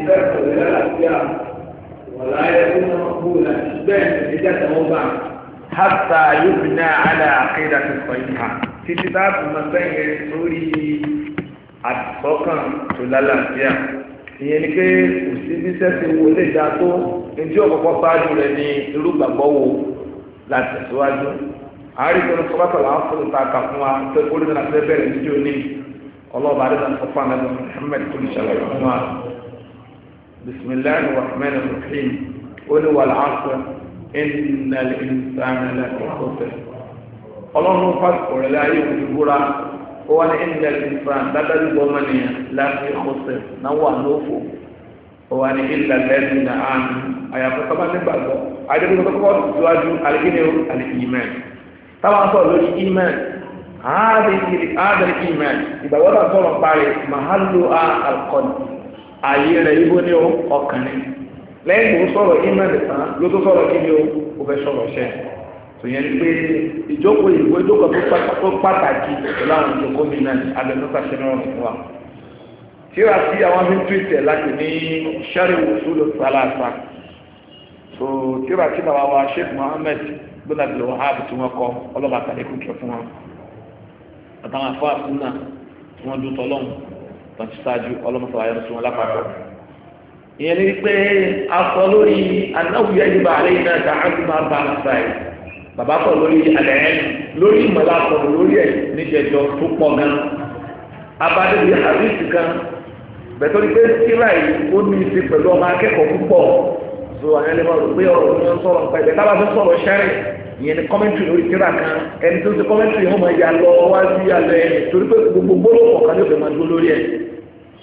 إذا كنت لا أشياء ولا يكون مقبولا بين إذا توضع حتى يبنى على عقيدة صحيحة في كتاب مسائل سوري àtọ́kàn tó lálàáfíà ìyẹn ni pé òsibí sẹ́sìn wo lè dáa tó ntí ọ̀kọ̀kọ̀ sáájú rẹ̀ ní irú gbàgbọ́ wo la tẹ̀síwájú àárín tó ń sọ́kàtà làwọn fún un ta kà fún wa pé orí náà fẹ́ bẹ̀rẹ̀ ní ọlọ́ọ̀bà àdéhùn sọ́kàn náà Muhammad kò ní sàlàyé fún بسم الله الرحمن الرحيم قل والعصر إن الإنسان لفي خسر ọlọ́run fásitì rẹ̀ láyé òdìbúra ó wá ní india ìfran dábẹ́rù gọ́mẹ̀nìyàn láti ọ̀sẹ̀ náà wà lófo ó wá ní india lẹ́sìn náà àmì àyàfọ́ sábà nígbàgbọ́ àdébùsọ tó kọ́ síwájú àlìkíni ó àlìkìmẹ̀ táwọn sọ̀rọ̀ lórí ìmẹ̀ àádìrí ìmẹ̀ ìgbàgbọ́ náà sọ̀rọ̀ parí màhálù á àkọ́ni ayi rẹ̀ ibo ní ọkùnrin lẹ́yìn tó sọ̀rọ̀ email tán ló tó sọ̀rọ̀ kí ni ó kò fẹ́ sọ̀rọ̀ ṣẹ́ tòyẹn ni pé ìjókòó ìwé ìjókòó tó pàtàkì pẹ̀lú àwọn ìjókòó mi náà abẹnusa fún wa tí wàá àwọn fi ń tuwìtì ní tó Sheikh gbọ́dọ̀ àti lọ́wọ́ tí wọ́n kọ́ ọlọ́ba àtàlẹ́kùn fún wa àtàwọn tọ́tí ṣáájú ọlọ́mọsọ ayọ́nu tí wọ́n lápapọ̀. ìyẹn ni pé afọ lórí anáwùyẹ ìdìbò àlẹ́ yìí náà dáhà sí máa bá àṣà yìí bàbá sọ lórí alẹ́ lórí ìmọ̀lá sọ̀rọ̀ lórí ẹ̀ níjẹjọ tó pọ̀ gan. abadé bíi àríṣì kan bẹ̀tọ́ ni pé síra yìí ó ní í ṣe pẹ̀lú ọmọ akẹ́kọ̀ọ́ púpọ̀ so àyẹ̀lẹ́ ìyẹn ni commentary lórí tíra kan ẹni tó ń ṣe commentary yóò máa ya lọ wá sí alẹ́ torí pé gbogbo gbólóhùn kọ̀ọ̀kan yóò fẹ́ máa dúró lórí ẹ̀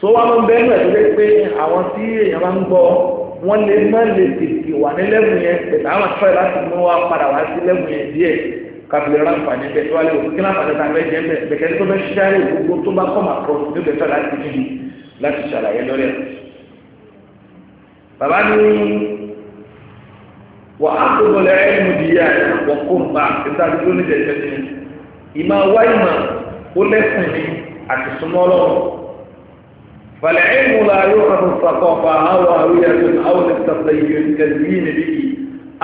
tó wá máa ń bẹ́ẹ̀ náà tó lé pé àwọn tí èèyàn máa ń gbọ́ wọ́n lè má lè tètè wà ní lẹ́mù yẹn pẹ̀lú àwọn àtúntò yẹn láti mú wa padà wá sí lẹ́mù yẹn díẹ̀ kábílẹ̀ rán fàní bẹ́ẹ̀ tó wá léwu kí náà fàní tàbí ẹ̀jẹ̀ bẹ́ẹ̀ bẹ̀kẹ́ tó bẹ́ ṣáré gbogbo tó bá kọ́mà kọ́ ní bẹ́ẹ̀ tó láti níbi láti ṣàlàyé lórí ẹ̀. bàbá ní wà á tó lọ ẹnu di yá wọ́n kó n bá ìta tó ní jẹjẹ ní ìmọ̀ wáyé mà ó lẹ́sìn ní àti súnmọ́ lọ́wọ́ fàlẹ́ ẹ̀mú la yóò kàtó sàkọ́fà àwọn àwòyẹ tó ní àwọn ìtàkùn yìí kẹ̀lí yìí níbí yìí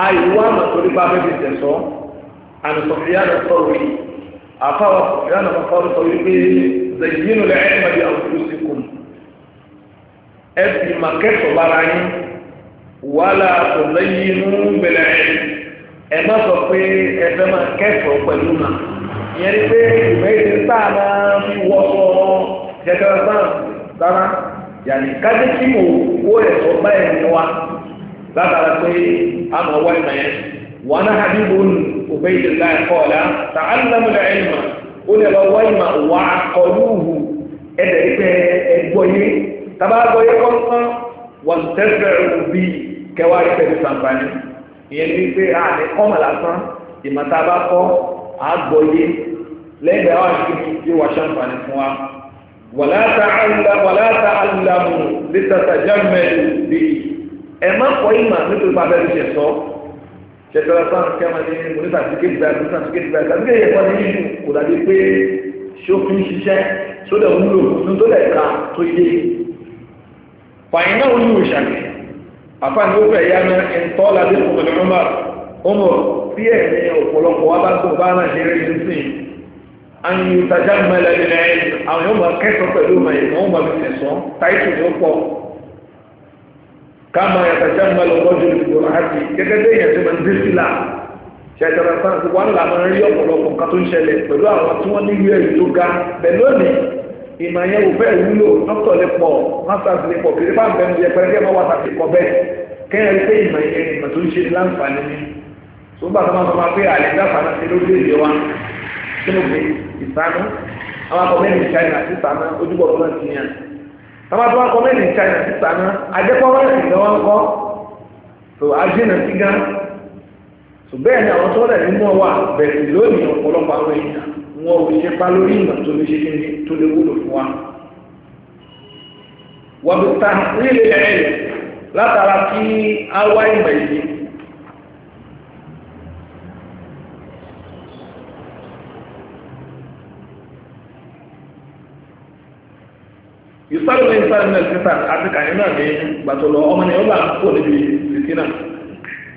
àyíwá mà torí bá bẹ́ẹ̀ bí tẹ̀sọ́ àti sọ̀fìyà lọ sọ̀rọ̀ yìí àfàwọ̀ sọ̀fìyà lọ sọ̀rọ̀ sọ̀rọ̀ yìí pé zẹ̀yìn lọ ẹ̀mọ̀ bí àwọn ìlú sí kùn ẹ̀sìn mà kẹ́sọ̀ lára yín wàhálà kò lẹ́yìn inú bẹ̀rẹ̀ ẹ má sọ pé ẹ fẹ́ máa kẹ́kọ̀ọ́ pẹ̀lú náà ìyẹn ni pé ìwé ìdí sáà máa fi wọ́pọ̀ jẹjẹrẹ sáà rárá yàní kájí kí mo wó ẹ̀sọ́ báyìí ní wa látara pé a máa wá ìmọ̀ yẹn wọn náà hàbí bò ní òbí ìdí sáà ẹ̀kọ́ ọ̀la tà á lámúlẹ̀ ẹ̀ mà ó lè lọ wá ìmọ̀ wà á kọ́ lóhùn ẹ̀dẹ̀ ìpẹ́ ẹ̀gbọ́ tàbá gbọ́ kọ́ńtán wọ́n tẹ́fẹ̀rù bí kẹwàá ìfẹ̀lú sàǹfààní ìyẹn ní pé a ní ọmọ lásán ìmọ̀ta bá kọ́ àgbọ̀yé lẹ́gbẹ̀ẹ́ àwọn àṣírí tí wọ́n sàǹfààní fún wa wàlá ta alùlámù lítàtà jámẹ́lì bí ẹ má kọ́ ìmọ̀ nítorí bá bẹ́ẹ̀ ṣe sọ ṣẹ̀tọ́ lásán kẹ́mọ̀ ní mo ní sàtìkéjì báyìí sàtìkéjì báyìí fàyínà òní òṣàlẹ̀ àfààní ó fẹ̀ yáná ẹ̀ńtọ́ ládé ọ̀pọ̀lọpọ̀ ọmọ ọmọ tí ẹ̀ ní ọ̀pọ̀lọpọ̀ wá bá tó bá náà ṣe rí nísìn àyìn ìtajà mẹ́lẹ̀ nílẹ̀ àwọn yóò máa kẹ́kọ̀ọ́ pẹ̀lú ọmọ yìí wọ́n máa fi tẹ̀sán táìtù ní ó pọ̀ kama yàtàjàmàlà ọjọ́ ìdìbò láti gẹ́gẹ́ bí èèyàn ti máa ń dé sílà ṣẹ̀dọ̀rọ̀ sáà ti wà láàmú rí ọ̀pọ̀lọpọ̀ nǹkan tó ń ṣẹlẹ̀ pẹ̀lú àwọn tí wọ́n ní ilé ẹ̀rí tó ga bẹ́ẹ̀ lónìí ìmọ̀ yẹn ò fẹ́ wúlò dókítà lè pọ̀ masters lè pọ̀ kìrìpá ń bẹnu yẹpẹrẹ kí ẹ má wà tàbí kọ bẹ́ẹ̀ kẹ́yìn rí pé ìmọ̀ yẹn ìmọ̀ tó ń ṣe ní láǹfààní ni tó bá tó máa sọ máa pé àlẹ́ dáfàánà ṣe lójú èdè wa kí ló fi ìsánú àwọn akọ̀mẹ́rin China sí sànà ojúbọ̀ tó náà ti yàn àwọn akọ̀mẹ́rin China sí sànà tó ajínà sí gan tó bẹ́ẹ̀ ni àwọn tó rẹ̀ nínú wa bẹ̀rẹ̀ lónìí wọn ò ṣe pa lórí ìmọ̀ tó lè ṣe kí ni tó lè wúlò fún wa. wọ́n ti ta nílé ẹ̀ látara kí á wá ìmọ̀ yìí. ìsáré ní ìsáré náà títà àti kàní náà ní gbàtọ̀lọ̀ ọmọ ni ó bá níbi ìsìnkí náà.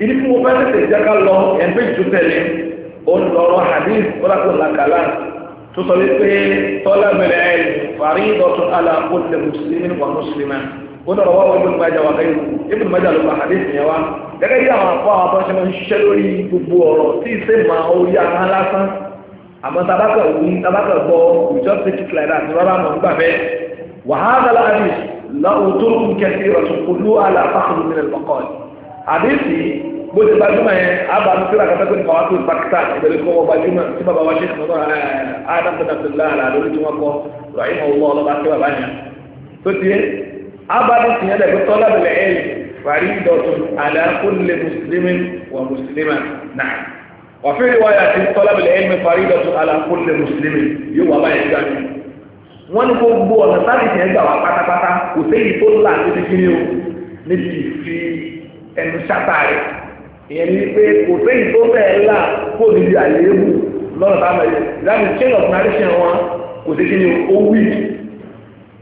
ìdí fún mo fẹ́ tètè jẹ́ ká lọ ẹgbẹ́ ìtútẹ́lẹ̀ olùlọ́rọ̀ hadith kọ́lákùnlá kàlá tó sọ wípé tọ́lá mẹ́rẹ̀ ẹ̀lì fàrí ìdọ̀tún aláàkóòlẹ̀ mùsùlùmí wà mùsùlùmí ó dọ̀rọ̀ wá wọ́n gbájá wà gáyé ibùn májá ló lupa hadith yẹn wá gẹ́gẹ́ bí àwọn àpá àwọn abọ́ṣẹ́ máa ń ṣiṣẹ́ lórí gbogbo ọ̀rọ̀ tí ìṣe ma orí ahọ́n lásán àmọ́ tabaka wí tabaka gbọ́ we just take it like that rárá mọ̀ nígbà bẹ́ẹ̀ wàhálà láàrin láwùjọ́ kẹsì rẹ̀ tó kúlú àlàfáà lómìnira lọ́kọ̀ọ́ àdéhìí bó ti gbajúmọ̀ yẹn abàmì síra kàtàkùn ní kàwá tó pàkítà ìbẹ̀rẹ̀ kọ́ wọ gbajúmọ̀ tí bàbá wa ṣe ń sọ̀rọ̀ adam bin abdullahi ala lórí tí wọ́n kọ́ rahim allah ọlọ́ba tí bàbá yẹn tó ti yẹ abàmì tìyẹn dẹ̀ tọ́lá bẹ̀rẹ̀ ẹ̀yìn fàrí ìdọ̀tún ala kulli muslimin wa muslima náà wàfẹ́ ìwà yàtí tọ́lá bẹ̀rẹ̀ ẹ̀yìn fàrí ìdọ̀tún ala kulli muslimin yóò wà báyìí gbàgbé wọ́n ní gbogbo ọ̀nà sáàdì yẹn gbà wá pátápátá kò séyìí tó là níbi kí ni o níbi ìfi ẹnu ṣátà ìyẹn ní pé kò sí ìtó bẹ́ẹ̀ là kó níbi àléébù lọ́nà táwọn ìdáàbò chain of narration wọn kò sí kí ni ó wí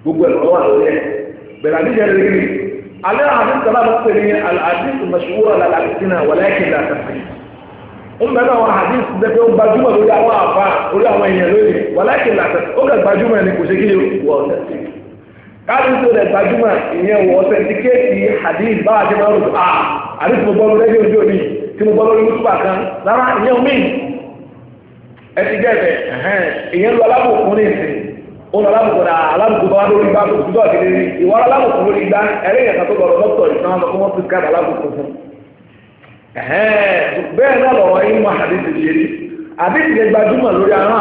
gbogbo ẹ̀rọ wà lórí ẹ̀ bẹ̀rẹ̀ àdíjẹ́ lórí rí alẹ́ àti sábà bá pè ní àdíjẹ́ mọ̀ṣúwọ́ alàlàkìtìnà wọ̀lẹ́kìlà tàbí ń bẹ̀rẹ̀ àwọn àdíjẹ́ dẹ́pẹ́ ó gbajúmọ̀ lórí àwọn àwọn ó gbajúmọ̀ kò sí kí ni Kaadị tó lẹ̀ gbajuma ìyẹn wọ ọ̀sẹ̀ntikéètì hadith bá a jẹ́ máa a à mo ojú omi tí mo kan lára omi ẹ ti alábòkun ní ìsìn òun alábòkun alábòkun bá wà lórí gbá tó alábòkun lórí gbá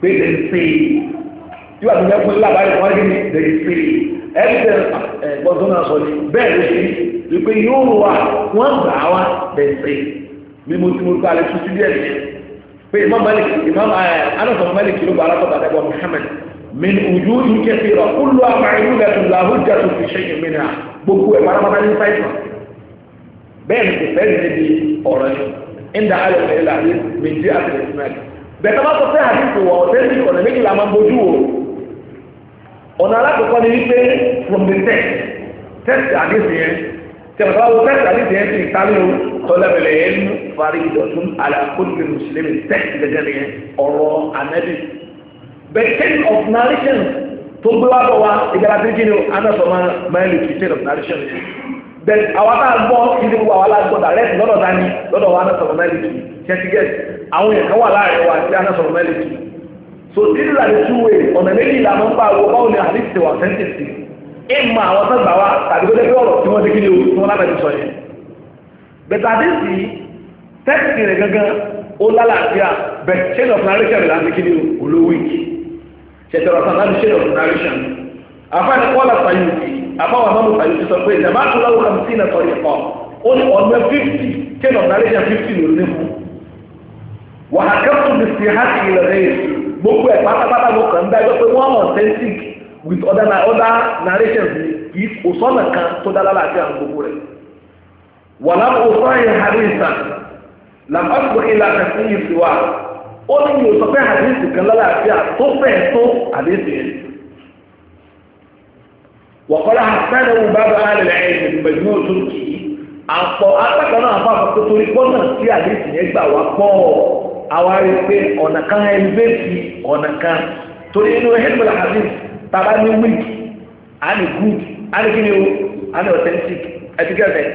pé lè ṣe tí wàá tún fẹ́ fún lábàá yìí wọ́n rí ní lè ṣe ẹ̀ẹ́dẹ̀ gbọ́dọ̀ náà sọ ni bẹ́ẹ̀ lè ṣe wípé yóò wà wọ́n gbà wá lè ṣe bí mo ti mo gba àlẹ́ tuntun díẹ̀ nìyẹn pé imam malik imam anasọ malik ló gba alákọ̀ọ́bà dẹ́gbọ́ muhammed min ojú ìkẹ́ fi rọ̀ kúlù àmàlú lẹ́tùn làhùjá tó fi ṣe ìmìnira gbogbo ẹ̀ pátápátá ní fáìfà bẹ́ẹ̀ ni kò fẹ́ẹ́ níbi ọ̀rọ̀ yìí ń da alẹ́ fẹ́ẹ́ láàyè méjì àti ìsìnàlì bẹ̀tẹ̀ bá sọ pé àdínkù wọ̀ ọ̀tẹ́sì ọ̀nà méjì la máa ń bójú wò ọ̀nà alákọ̀ọ́kọ́ ni wípé from the text text àdínkù yẹn tẹ̀mọ̀tà wo text àdínkù yẹn ti ìtàlẹ́ o tọ́lẹ̀bẹ̀lẹ̀ yẹn ń parí ìdọ̀tún alákòóso mùsùlùmí text gẹ́gẹ́ nìyẹn ọ̀rọ̀ anẹ́bí the chain of narration tó gbé wá bọ̀ wá ìgbàlá tí kí ni anásọ̀mọ́ mẹ́lì kì í chain of narration yẹn then àwọn náà gbọ́ ìdíwọ̀ àwọn alágbọ̀dà rẹ̀ lọ́dọ̀ dání lọ́dọ̀ wọn anásọ̀mọ́ mẹ́lì kì í ṣẹ́tí gẹ̀ẹ́sì àwọn èèyàn wà láàrin wa tí aná sọ̀rọ̀ mẹ́lì tù so these are the two ways ọ̀nà méjì ìlànà ń bá wo báwo ni àdìsí ti wà sẹ́ńtìsì ìmọ̀ àwọn tó gbà wá tàbí tó dẹ́gbẹ́ ọ̀rọ̀ tí wọ́n ti kí ni o tí wọ́n lábẹ́ ti sọ yẹn bẹ̀tà àdìsí tẹ́kìtì rẹ̀ gangan ó lálàáfíà bẹ̀ chain of narration láti kí ni o olówó ìkì ṣẹ̀tẹ̀rọ̀ kan láti chain of narration àfáàní kọ́lá fàyọ̀tì àfáwọn mọ́mú fàyọ̀tì sọ pé ìjàmbá tó láwùkà sí ìnà sọ̀rọ̀ ìkọ́ ó ní ọ̀nà fifty chain of narration fifty ló ní fún wà á bí gbogbo ẹ̀ pátápátá ló kàn ẹgbẹ́ pé wọ́n with other narrations ni kì í tó gbogbo rẹ̀ wà yìí sí wa ó ní yóò sọ pé hadith kan lálẹ́ àti àtúnfẹ́ tó hadith yẹn. وقال حسنه باب اهل العلم مجموع تركي àpọ̀ apákanáà àpapọ̀ tó torí gbọ́nà sí àdéhùn yẹn gbà àwa rí pé ọ̀nà kan ẹlẹ́sì ọ̀nà kan torí inú ẹ̀ẹ́dẹ̀gbẹ̀lá hadith tàbá ní weak àní good àní kí ni o àní authentic ẹ̀dígẹ́fẹ̀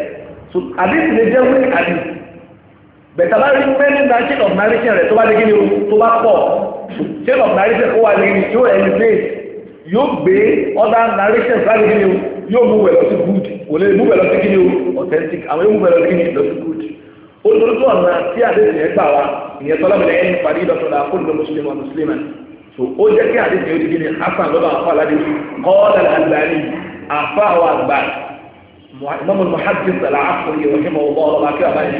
so hadith lè jẹ́ weak hadith bẹ̀tà bá rí pé nígbà chain of narration rẹ̀ tó bá dé kí ni o tó bá pọ̀ chain of narration ó wà ní yóò elevate yóò gbé other narration láti kí ni o yóò mú wẹ̀ lọ sí good kò lè mú wẹ̀ lọ sí kí ni o authentic àwọn yóò mú wẹ̀ lọ sí kí ni lọ sí good olùdókòtò ọ̀nà tí àdéhùn yẹn gbà wá ìyẹn tọ́lá mi lẹ́yìn parí ìdọ́sọ̀dà kóńdó mùsùlùmí wa mùsùlùmí so ó jẹ́ kí àdéhùn yẹn dìgbìn hasan lọ́ba àfa aládé kọ́ọ̀dà àgbàní àfa àwọn àgbà mọ́mú muhammed sàlá àkùnrin ìwọ̀n ìmọ̀ ọ̀bọ̀ ọ̀rọ̀ àti àbáyé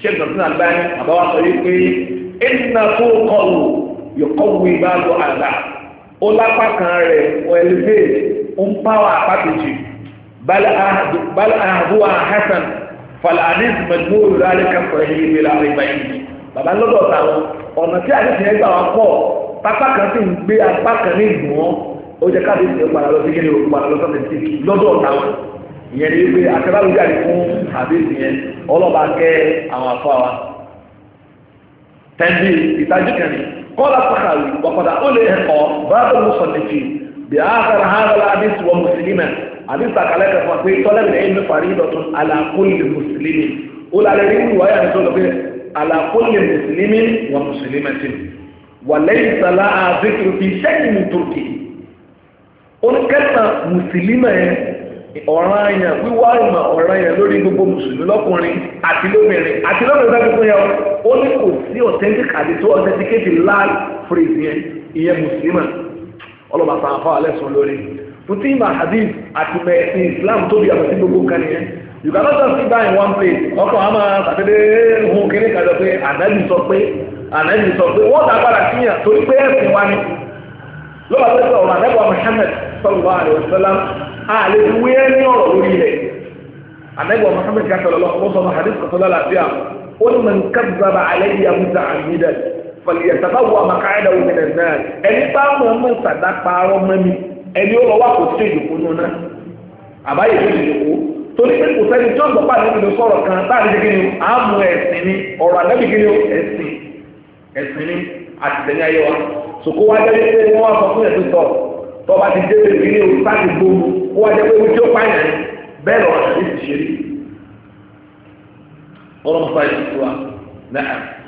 sheikh nasir albani àbáwá sọ yìí pé ẹnìna tó kọlù yọkọ̀wé ìbáàgọ́ àgbà ó lápá kan rẹ̀ wẹ̀lẹ́fẹ̀ẹ́ ń pàwọ́ àpá kejì bal àhùwà hasan fàlàdís mẹjúmọ́rù rárẹ̀ kẹfọ́ yìí bí rárẹ̀ báyìí bàbá lọ́dọ̀ táwọn ọ̀nà tí àdéhùn yẹn gbà wọn pọ̀ pápá kan sì ń gbé apá kan ní ìgbọ̀n ó jẹ́ káàdì ìṣẹ̀ padà lọ sí kíni òkú àlọ́ sọ́tẹ̀tì lọ́dọ̀ táwọn ìyẹn ni pé akẹ́láwùjáde fún àdéhùn yẹn ọlọ́ba kẹ́ àwọn afọ́ wa tẹ́ndì ìtajú kẹrin kọ́lá sàkàwì wàkọ̀dà ó lè ẹ̀kọ́ bá àbí sàkàlẹ̀ kẹfà pé tọ́lẹ̀mẹ̀ ẹ̀mí parí ìdọ̀tún alákólè mùsùlùmí ó lálẹ́ rí wù wáyà tó lọ pé alákólè mùsùlùmí wà mùsùlùmí ti wà lẹ́yìn sàlá àzíkìrì fi sẹ́yìn tòkì oníkẹta mùsùlùmí yẹn ọ̀ràn yẹn wíwá ìmọ̀ ọ̀ràn yẹn lórí gbogbo mùsùlùmí lọ́kùnrin àti lóbìnrin àti lóbìnrin bẹ́ẹ̀ gbogbo yẹn ó putting my hadith àti mẹ̀sìn islam tóbi àmọ̀ sí gbogbo nǹkan nìyẹn you cannot just sit down in one place ọkàn àmà àtẹ́dẹ́ ohun kéré kàjọ pé ànábì sọ pé ànábì sọ pé wọ́n dàgbára kíyàn torí pé ẹ̀sìn wa ni lọ́wọ́ pé sọ ọ̀rọ̀ ànábì Muhammad sallallahu alaihi wasallam a lè fi wé ní ọ̀rọ̀ lórí ilẹ̀ ànábì Muhammad kí a sọ̀rọ̀ lọ́wọ́ sọ ọmọ hadith kọ̀tọ́lá làbíà ó ní mọ̀ nǹkan bàbá alẹ́ yìí àmúta àmì dẹ̀ fọlì ẹni ó lọ wà kó sí ìjòkó nù náà àbáyé sí ìjòkó torí pé kò sẹ́ni tí ó gbọ́ pàdé nínú sọ̀rọ̀ kan láàrin kí ni a mú ẹ̀sìn ni ọ̀rọ̀ àlẹ́bí kí ni ẹ̀sìn ẹ̀sìn ni àtìlẹ́yìn ayé wa sòkó wá jẹ́ pé wọ́n wá sọ fún ẹ̀sìn sọ tó bá ti débè kí ni o sáàtì gbóòmù kó wá jẹ́ pé wọ́n tí ó pààyàn bẹ́ẹ̀ lọ́wọ́ àti ìṣeré ọ̀rọ̀ mọ́sáàjì tó wà náà.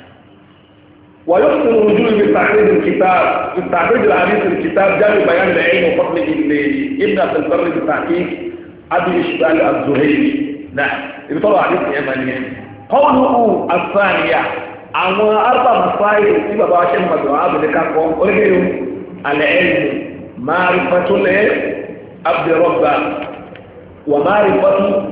ويحسن وجود بالتحريض الكتاب بالتحريض العديث الكتاب جاني بيان العلم لعلم وفضله لابن عبد البر بالتحقيق ابي اشبال الزهيري نعم اللي طلع عليه ايام قوله الثانيه اما اربع مصائب في بابا عشان مدعاه بنكاكم العلم معرفه عبد ربه ومعرفه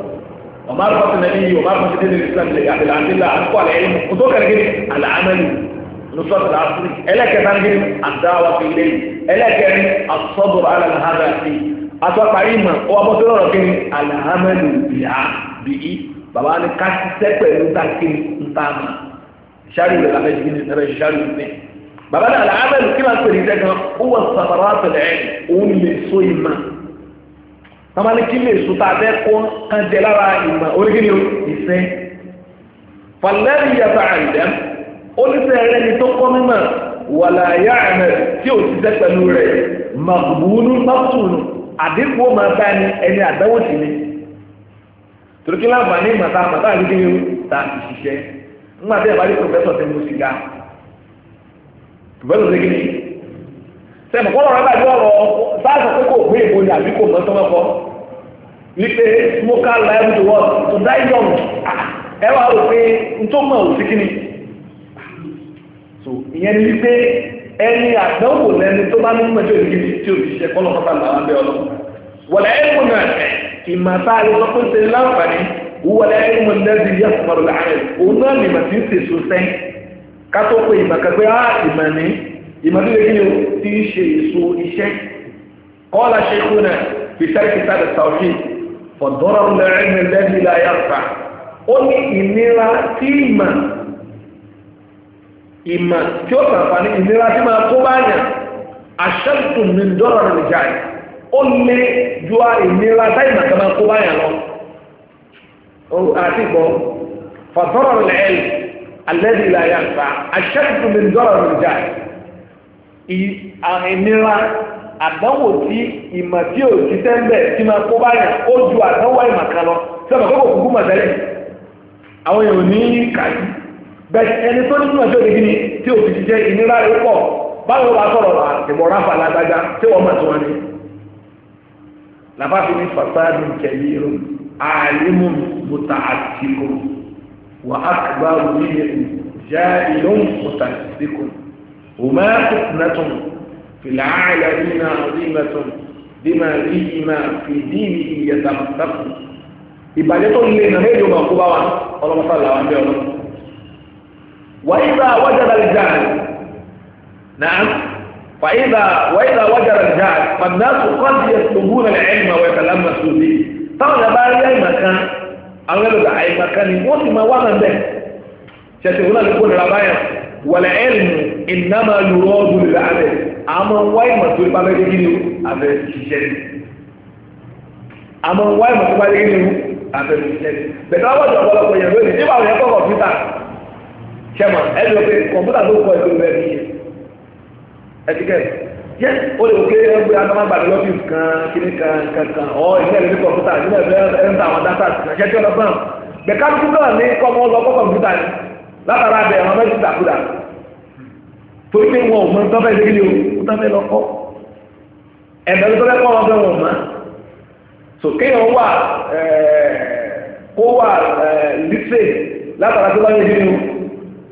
ومعرفه النبي ومعرفه دين الاسلام لعبد العبد الله عن العلم وتوكل العمل نصرة العصر إليك تنجل الدعوة إليه إليك الصبر على هذا الشيء أتوقع إما هو بطل ركين العمل بإيه bàbá ni ká ṣiṣẹ́ pẹ̀lú dákìrì ntàmà ṣáàrì rẹ̀ lábẹ́ jìnnì rẹ̀ ṣáàrì rẹ̀ bàbá náà làámẹ́lù kí máa pèrè ìṣẹ́ gan ó wà sàbàrà àtẹ̀lẹ̀ ẹ̀ òun lè so ìmọ̀ bàbá ni kí lè so tá a fẹ́ kó kan jẹ lára ìmọ̀ oríkìlì ìṣẹ́ falẹ́rì yàtọ̀ àìdẹ́mù. oníṣẹ́ rẹ̀ ni tó kọ́ mímọ̀ wà láyá ẹ̀mẹ̀ tí ò ti jẹ́ pẹ̀lú rẹ̀ màgbùnú mọ́tùnù àdínkù máa bá ẹni ẹni àdáwò sí ni torókí láǹfààní màtá ta ìṣiṣẹ́ ńgbà tí àbájú pòfẹ́sọ̀ ti mú sìgá pòfẹ́sọ̀ ti kíni sẹ́mi kọ́ lọ́rọ́ bá yọ ọ̀rọ̀ sáàsì pé kò gbé ìbò wípé smoker life to die young ah, ẹ wá rò pé so ìyẹn ni wípé ẹni àdánwò lẹni tó bá ní pẹ̀lú ìdíje tí o ti ṣe kọ́ lọ́kọ́ta làwọn bẹ́ẹ̀ ọlọ́ wọlé ẹ̀kọ́ náà ẹ̀ ìmọ̀ tá a lè sọ pé ṣe láǹfààní wọlé ẹ̀kọ́ náà ti yẹ kọ̀ọ̀rọ̀ láàrin òun náà ni màtí ń tèso sẹ́ kátó pé ah, ìmọ̀ kẹgbẹ́ á ìmọ̀ ní ìmọ̀ tó lè kí o ti ń ṣe èso iṣẹ́ kọ́lá ṣe kú náà fi sẹ́kì ìmọ̀ tí ó kàn fani ìnira tí máa kó bá yàn aṣẹ́tù ní dọ́là rẹ̀ jà yìí ó lé ju ìnira táìmọ̀ tí máa kó bá yàn lọ. àti ìbọn fàtọ́rọ̀ lẹ́yìn alẹ́dì ìlàyà nǹkan aṣẹ́tù ní dọ́là rẹ̀ jà yìí ìnira àdánwò tí ìmọ̀ tí ò ti tẹ́ńbẹ̀ tí máa kó bá yàn ó ju àdánwò ìmọ̀ kan lọ sọ́dọ̀ kókò kúkú mọ̀ àwọn èèyàn ní kàyí bẹ̀rẹ̀ ẹni tó nínú ẹjọ́ ìdí ni tí ò fi jẹ́ ìnira rẹ̀ pọ̀ báwo wá sọ̀rọ̀ àtìmọ̀ ráfà lágbájá tí wọ́n mọ̀ tí wọ́n ní. làbá fi ní fasádù kẹ̀lí irun àlímù mùtà àtìkù wà á kàgbá wùmí jẹ́ ìlú mùtà àtìkù òmà kùtùnẹ́tùn fìlà àìlà ìnà àdìmẹ́tùn bímà ìyìmà fìdí ìyẹ̀dàmùtàkù ìbàjẹ́ tó lè وإذا وجد الجهل نعم فإذا وإذا وجد الجهل فالناس قد يطلبون العلم ويتلمسوا به طبعا بقى أي مكان أو يلقى أي مكان يموت ما وانا به شاتي هنا يقول ربايا والعلم إنما يراد للعمل أما واي ما تقول بقى يجي أبي شيشاني أما واي ما تقول بقى يجي أبي شيشاني بس أول ما أقول لك إيه بقى يا sẹ́mà ẹ̀rọ pé kọ̀m̀pútà ló kọ ìgbèrú ẹ̀mí yẹn ẹ̀dígẹ̀ yẹ o lè ké ẹgbẹ́ agbábàdé lọ́fíìs kan kíní kan kankan ọ ìdílé ẹ̀rọ ní kọ̀m̀pútà ìdílé ẹ̀rọ ẹ̀rọ ń ta àwọn dátà kan ṣẹ́kẹ́ ọlọ́gbọ́n bẹ̀ka kúkúrọ̀ ní kọ́mọ́ lọ kọ́ kọ̀m̀pútà ni látara abẹ àwọn mẹ́tì dàkúdà torí pé wọn ò mọ tọ́fẹ́ ìdílé o tọ́fẹ́ lọ kọ́ ẹ̀mẹ́ ló tọ́fẹ́ kọ́ so kéèyàn wà kó wà lísè látara tó bá yẹ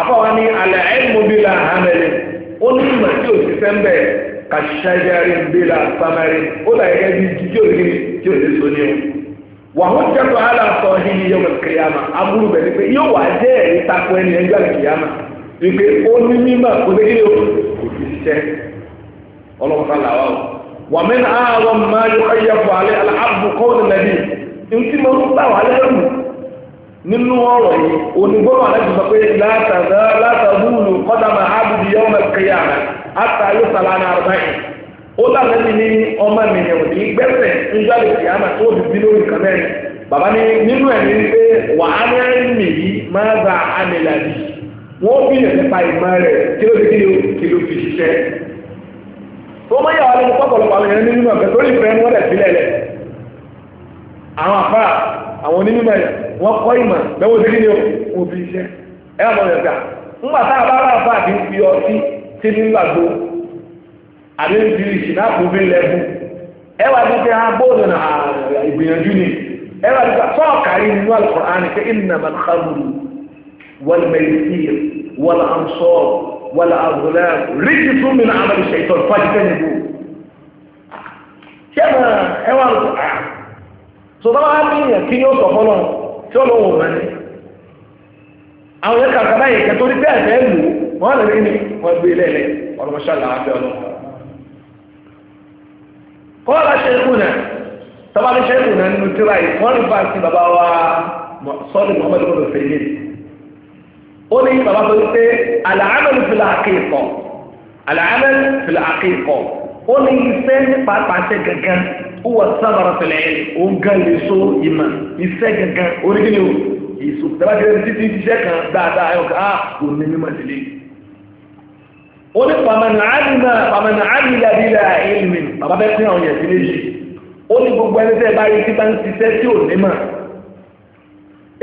àbáwá ní alẹ́ ẹ̀mọ́bílà hamẹ́lẹ́ ó ní ìmọ̀ tí ò ṣiṣẹ́ ń bẹ̀ bílà ó dà tí so ní o. wàhùn jẹ́tọ̀ aláàtọ̀ yìí yóò mọ̀ kìyàmà aburú bẹ̀ pé yóò wá jẹ́ ẹ̀rí takọ ẹni ẹjọ́ kìyàmà wípé ó ní mímọ̀ kó lé kíló kò ti ṣiṣẹ́ o. wà mí nínú ọ̀rọ̀ yìí onígbọ́nà aláàjì sọ pé látàbúùlù kọ́dàmà ábùdí yọ́ mẹ́kẹ́yà àtàlù sàlánà àrùbáyì ó dàbẹ́ ní ọmọ ènìyàn ní gbẹ́sẹ̀ níjọ́lẹ̀ kìyàmà tó bí bí lórí kan mẹ́rin bàbá ní nínú ẹ̀ ní pé wà á ní ẹ̀mí yìí máa gba wọ́n nípa ìmọ̀ rẹ̀ kí ló fi kí ló fi ṣiṣẹ́ yàrá àwọn onímọ̀ ẹ̀ wọ́n kọ́ ìmọ̀ lọ́wọ́ sí kíni o fi iṣẹ́ ẹ àmọ́ rẹ̀ gbà ńgbà tá a bá rà fà bí fi ọtí tí ní gbàgbó àbí ń fi ìṣìnà àkóbí lẹ́bù ẹ wà ní pé a bóòdù nà ìgbìyànjú ni ẹ wà ní pé fọ́ọ̀kàrí nínú Al-Qur'an pé innamal khamru wal maisir wal ansab wal azlam rijsun min amali shaytan sọ̀tọ́lá wá ní ìyàn kí yóò sọ fọ́lọ́ tí ó lọ wò mẹ́rin àwọn yẹn kàkà báyìí kẹtó ní bẹ́ẹ̀ bẹ́ẹ̀ lò wọ́n lè rí ni wọ́n gbé e lẹ́lẹ̀ ọlọ́mọṣá làáfẹ́ ọlọ́mọ. kọ́lá ṣẹ́kù náà tọ́bálí ṣẹ́kù náà nínú tíra yìí wọ́n rí bá sí bàbá wa sọ́ọ̀lì Muhammad bọ́lá fèlè ó ní bàbá tó ṣe àlàámẹ́lì fìlà àkẹ́kọ̀ọ́ àlàámẹ́lì fìlà àkẹ́kọ̀ọ́ ó ní iṣẹ́ nípa pàṣẹ gẹ́gẹ́ ó wà sábàrà tẹ̀lẹ̀ ẹ̀ ó ń gá lè so ìmọ̀ iṣẹ́ gangan oríkìlẹ̀ o èso tẹ́lájẹ́ títí iṣẹ́ kan dáadáa ayọ̀ Ah, o ní mímọ̀ sílé ó ní pàmẹ́nà àdìmọ̀ pàmẹ́nà àdìlà bílà ìlmì bàbá bẹ́ẹ̀ pín àwọn yẹn sí méjì ó ní gbogbo ẹni tẹ́ bá rí títà ń ṣiṣẹ́ tí ò ní mọ̀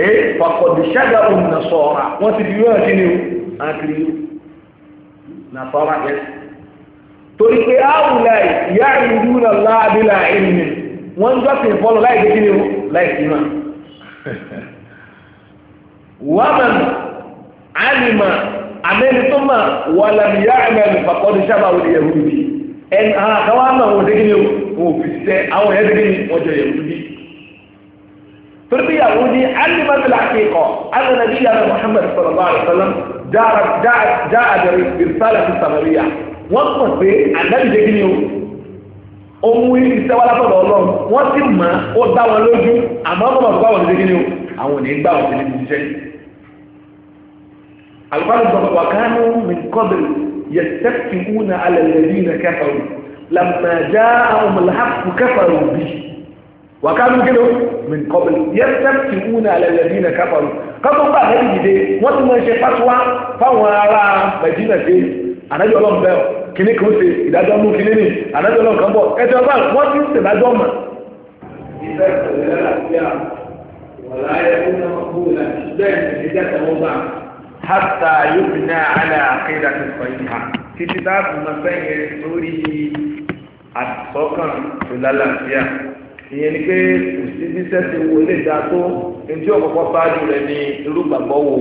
ẹ pàkọ̀dùṣàgà òmìnà sọ̀ọ̀rà wọ́n ti di wíwọ̀n kí ni o àkìrí nàfọ́rà yẹn torí pé áwùlà ìyá ìlú náà láàbílà ìrìnà wọ́n ń jọ́sìn fọ́lọ̀ láì dé kíni o láì sí mà. wàmàn àlìmà àmẹ́ni tó mà wàlàmìyá àmẹ́ni pàpọ́dù sábà wọlé yẹ̀wù bíi ẹn àwọn àkàwà náà wọ́n dé kíni o wọ́n fi sẹ́ àwọn yẹn dé wọ́n jọ yẹ̀wù bíi. torí pé yàwó ni tó láti kọ́ àwọn nàbí yàrá Muhammad sallallahu alaihi wasallam wọ́n pọ̀ pé àdájúdé kí ni o ohun iṣẹ́ wá látọ̀dọ̀ ọlọ́run wọ́n sì mọ̀ ó dá wọn lójú àmọ́ ọmọ ọ̀gbá wọn ṣe kí ni o àwọn ò ní gbà wọn sí ní ṣiṣẹ́ alùpàdé sọ wà kánú mi kọ́bẹ̀ yẹtẹ́kì wúna alẹ́lẹ́bí na kẹfàrú làmàjá àwọn mọ̀láhàkù kẹfàrú bí wà kánú kí ni o mi kọ́bẹ̀ yẹtẹ́kì wúna alẹ́lẹ́bí na kẹfàrú kọ́tọ́ gbà lẹ́yìn ìdè wọ́n ti mọ̀ ṣe fásiwá fáwọn ará Mẹ́dínà ànájọ́ ọlọ́run bẹ́ẹ̀ kíní kan ṣe ìdájọ́ mú kíní nì ànájọ́ ọlọ́run kan bọ̀ ẹ̀tọ́ ọba wọ́n ti ń ṣèdájọ́ mà. ìfẹ́ ìfẹ́ lálàáfíà wọ̀lá ẹ̀kún náà yubna ala aqidati sahiha títí táàbù máa fẹ́yìn lórí àtọ́kàn tó ìyẹn ni pé kò sí bí sẹ́sẹ̀ wo lè dáa tó ní tí ọ̀pọ̀pọ̀ bá rẹ̀ ní irúgbàgbọ́ wo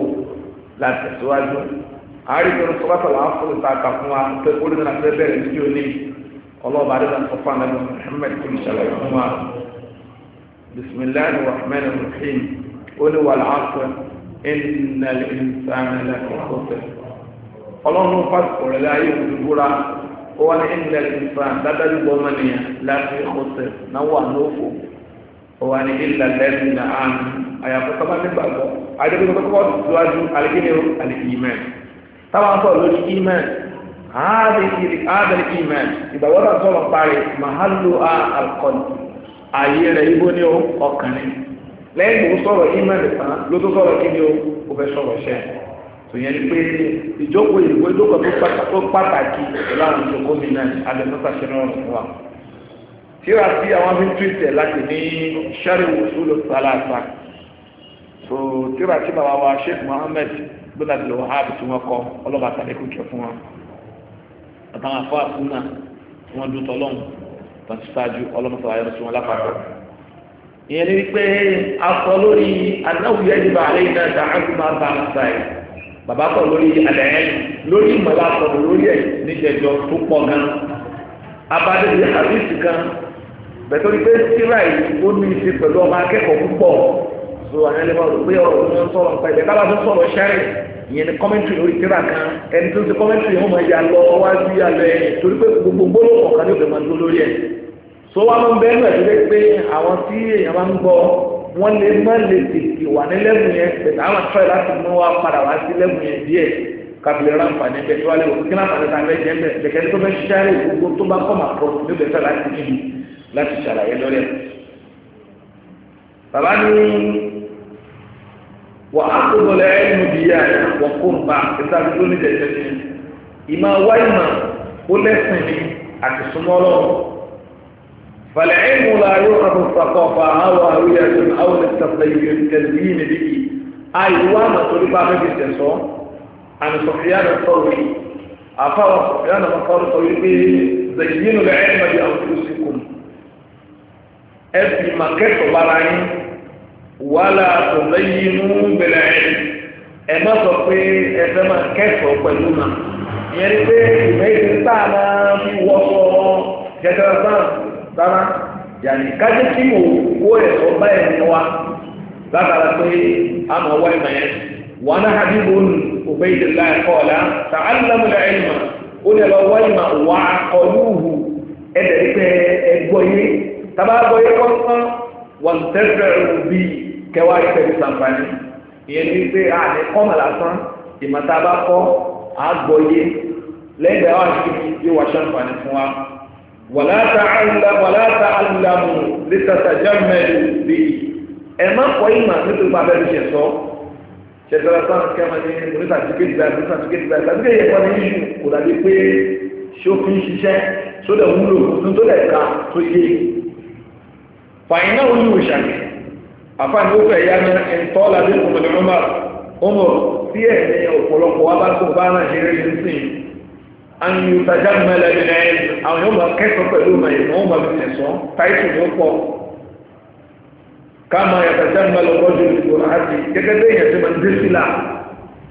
láti tẹ̀síwájú àárín sọ́kàtàlá fún ìtàkà fún wa pé ó lè nà fẹ́ bẹ̀rẹ̀ ní òní ọlọ́ọ̀bà àdéhà sọ́kàn náà Muhammad kò ní ṣàlàyé fún wa bisimilahi rahman rahim ó ní wàlá àfẹ ẹnìnà ìsàmì lẹ́kọ̀ọ́ kọ́sẹ̀ ọlọ́run pásítọ̀ rẹ̀ láyé òdúgbòrá ó wá ní ẹnìnà ìsàmì dáadáa gbọ́ mọ́nìyàn láti kọ́sẹ̀ náà wà lófo ó wá ní ìlà lẹ́sìn àyàfọ́ sábà nígbàgbọ́ àdébíkọ́ tó kọ́ táwọn sọ lórí iman ààbẹ̀lì iman ìgbàwọ́dà sọ̀rọ̀ parí mahalu alkọ́ni ààyè rẹ̀ ibo ní ọkànnì lẹ́yìn tó sọ̀rọ̀ iman tán ló tó sọ̀rọ̀ kí ni ó fẹ́ sọ̀rọ̀ ṣẹ́ tòyẹn pé ìjókòó ìdìbò ìjókòó tó pàtàkì láwọn ìjókòó mi náà adẹ́sọ́sà ṣe náà fún wa tíra sí àwọn fi ń tuwìtẹ̀ láti ní sharh usul salasa so tíra sí bàbá wa sheikh muhammed gbọ́dọ̀ àti lọ́wọ́ háàbì tí wọ́n kọ́ ọlọ́ba àtàlẹ́kùn kẹ fún wọn àtàwọn afọ àfúnà tí wọ́n dún tọ́lọ́hún tó ṣáájú ọlọ́mọtò ayọ́rọ̀ tí wọ́n lápapọ̀. ìyẹn ni wípé akọ lórí ya yẹn nípa àlẹ́ yìí náà ágùn máa bá bàbá kọ lórí lórí ìmọ̀lá kọ lórí ẹ̀ níjẹjọ tó pọ̀ gan bẹ̀tọ́ so àwọn ẹlẹ́wọ̀n rò pé ọ̀rọ̀ tó ń sọ̀rọ̀ nípa ìbẹ̀ kábàá tó sọ̀rọ̀ ṣẹ́rì ìyẹn ni kọ́mẹ́ntì lórí tírà kan ẹni tó ti kọ́mẹ́ntì yẹn máa ya lọ ọwá sí alẹ́ torí pé gbogbo gbóló kọ̀ọ̀kan ní òkè máa dúró lórí ẹ̀ so wá máa ń bẹ́ẹ̀ náà tó dé pé àwọn tí èèyàn máa ń gbọ́ wọ́n lè má lè tètè wà ní lẹ́mù yẹn pẹ̀lú àwọn àtúrọ̀ láti mú wa padà wá sí lẹ́mù yẹn díẹ̀ kábílẹ̀ ránfààní bẹ́ẹ̀ tí wàá lè wò kí náà fàdé tàbí ẹ̀jẹ̀ bẹ́ẹ̀ lẹ́kẹ́ tó fẹ́ ṣáré gbogbo tó bá wà á tó lọ lẹ́yìn níbi yá ẹ̀ wọ́n kó nǹkan ìta bí tó ní jẹjẹ ní ìmọ̀ wá ìmọ̀ ó lẹ́sìn ní àti súnmọ́ lọ́wọ́ fàlẹ́ ẹ̀mú la yóò rà fún sàkọ́fà àwọn àríyá tó ní àwọn ìtàkùn yìí kẹlẹ́ yìí níbi yìí àìwá àmàtòrí bá fẹ́ fi tẹ̀sọ́ àmì sọ̀fìyànà sọ̀rọ̀ àfáwà sọ̀fìyànà sọ̀rọ̀ sọ wípé zẹ̀yìn lẹ́yìn níbi àwọn ìlú sí kùn ẹ fi màkẹ́tọ̀ bára yín wàhálà ọ̀lẹ́ yìí mú bẹ̀rẹ̀ ẹ̀ má sọ pé ẹ fẹ́ máa kẹ́kọ̀ọ́ pẹ̀lú mà ìyẹn ni pé ìwé ìwé tá a máa fi wọ́pọ̀ jẹjẹrẹ sáà sára yàní kájí tí mo wó ẹ̀sọ́ bá ẹ̀ ní wa látara pé a máa wá ìmọ̀ yẹn wọn náà hàbí bọ́ọ̀lù òbẹ́ ìdílé ọ̀la ó wà yé gbọ́ yé wọ́n tẹ́fẹ̀rù bí kẹwàá ìfẹ̀lú sàǹfààní ìyẹn ní pé àní kọ́mọ̀ lásán ìmọ̀ta bá kọ́ àgbọ̀yé lẹ́gbẹ̀ẹ́ wà sí yóò wá sàǹfààní fún wa. wàlá ta alùlámù lè tàtà jámẹ́lì bí ẹ má kọ́ ìmọ̀ nítorí pé abẹ́rẹ́ ṣe sọ ṣẹ̀dọ̀rọ̀ sáà kẹ́mọ̀ ní oníta tíkẹ́tì báyìí oníta tíkẹ́tì báyìí tàbíkẹ́ yẹ kọ́ ní yíyù kò dàbí pé ṣófin ṣiṣẹ́ sódẹ̀ wúlò tó dẹ̀ ká tó yé fàyínà ó yíwò ṣàkì àfààní ó fẹ́ yá ní ẹ̀ńtọ́ làbí ọmọdé mọ́mọ́ ọmọ tí ẹ̀ ní ọ̀pọ̀lọpọ̀ wá bá tó bá náà ṣe rí ní sìn àwọn ìtajà mẹ́lẹ̀ ní ẹ̀ àwọn yóò máa kẹ́kọ̀ọ́ pẹ̀lú ọmọ yìí wọ́n máa fi ẹ̀sọ́ táìtù ló pọ̀ káàmà ìtajà mẹ́lẹ̀ ọgọ́jọ́ ìdìbò láti gẹ́gẹ́ bí èèyàn ti máa ń dé sílà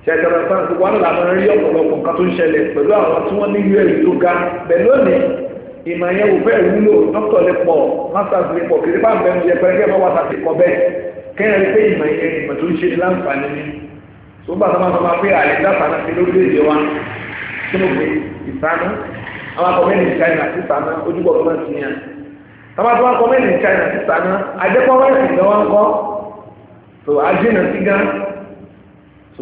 ṣẹ̀tẹ̀rẹ̀ sáà ti wá ń làmọ́ rí ọ̀pọ̀lọpọ̀ nǹkan tó ń ṣẹlẹ̀ pẹ̀lú àwọn tí wọ́n ní us ìmọ̀ yẹn wò fẹ́ wúlò dọ́kítọ̀ lè pọ̀ masters lè pọ̀ kìrìbà bẹ́ẹ̀ mi yẹ pẹ́rẹ́ kí ẹ bá wà sàtì kọ bẹ́ẹ̀ kẹ́yìn rí pé ìmọ̀ yẹn ìmọ̀ tó ń ṣe láǹfààní ni tó bá sọ́mọ́ sọ́mọ́ pé àlè dáfàánà ti lórílẹ̀-èdè wa tó ló pe ìsáná àwọn akọ̀mẹ́ni China ti sáná ojúbọ̀ tó máa ti yàn tọ́ba China ti sáná ajẹ́pọ̀ wẹ́ẹ̀sì lọ́wọ́ ń kọ́ tó ajínà sí gan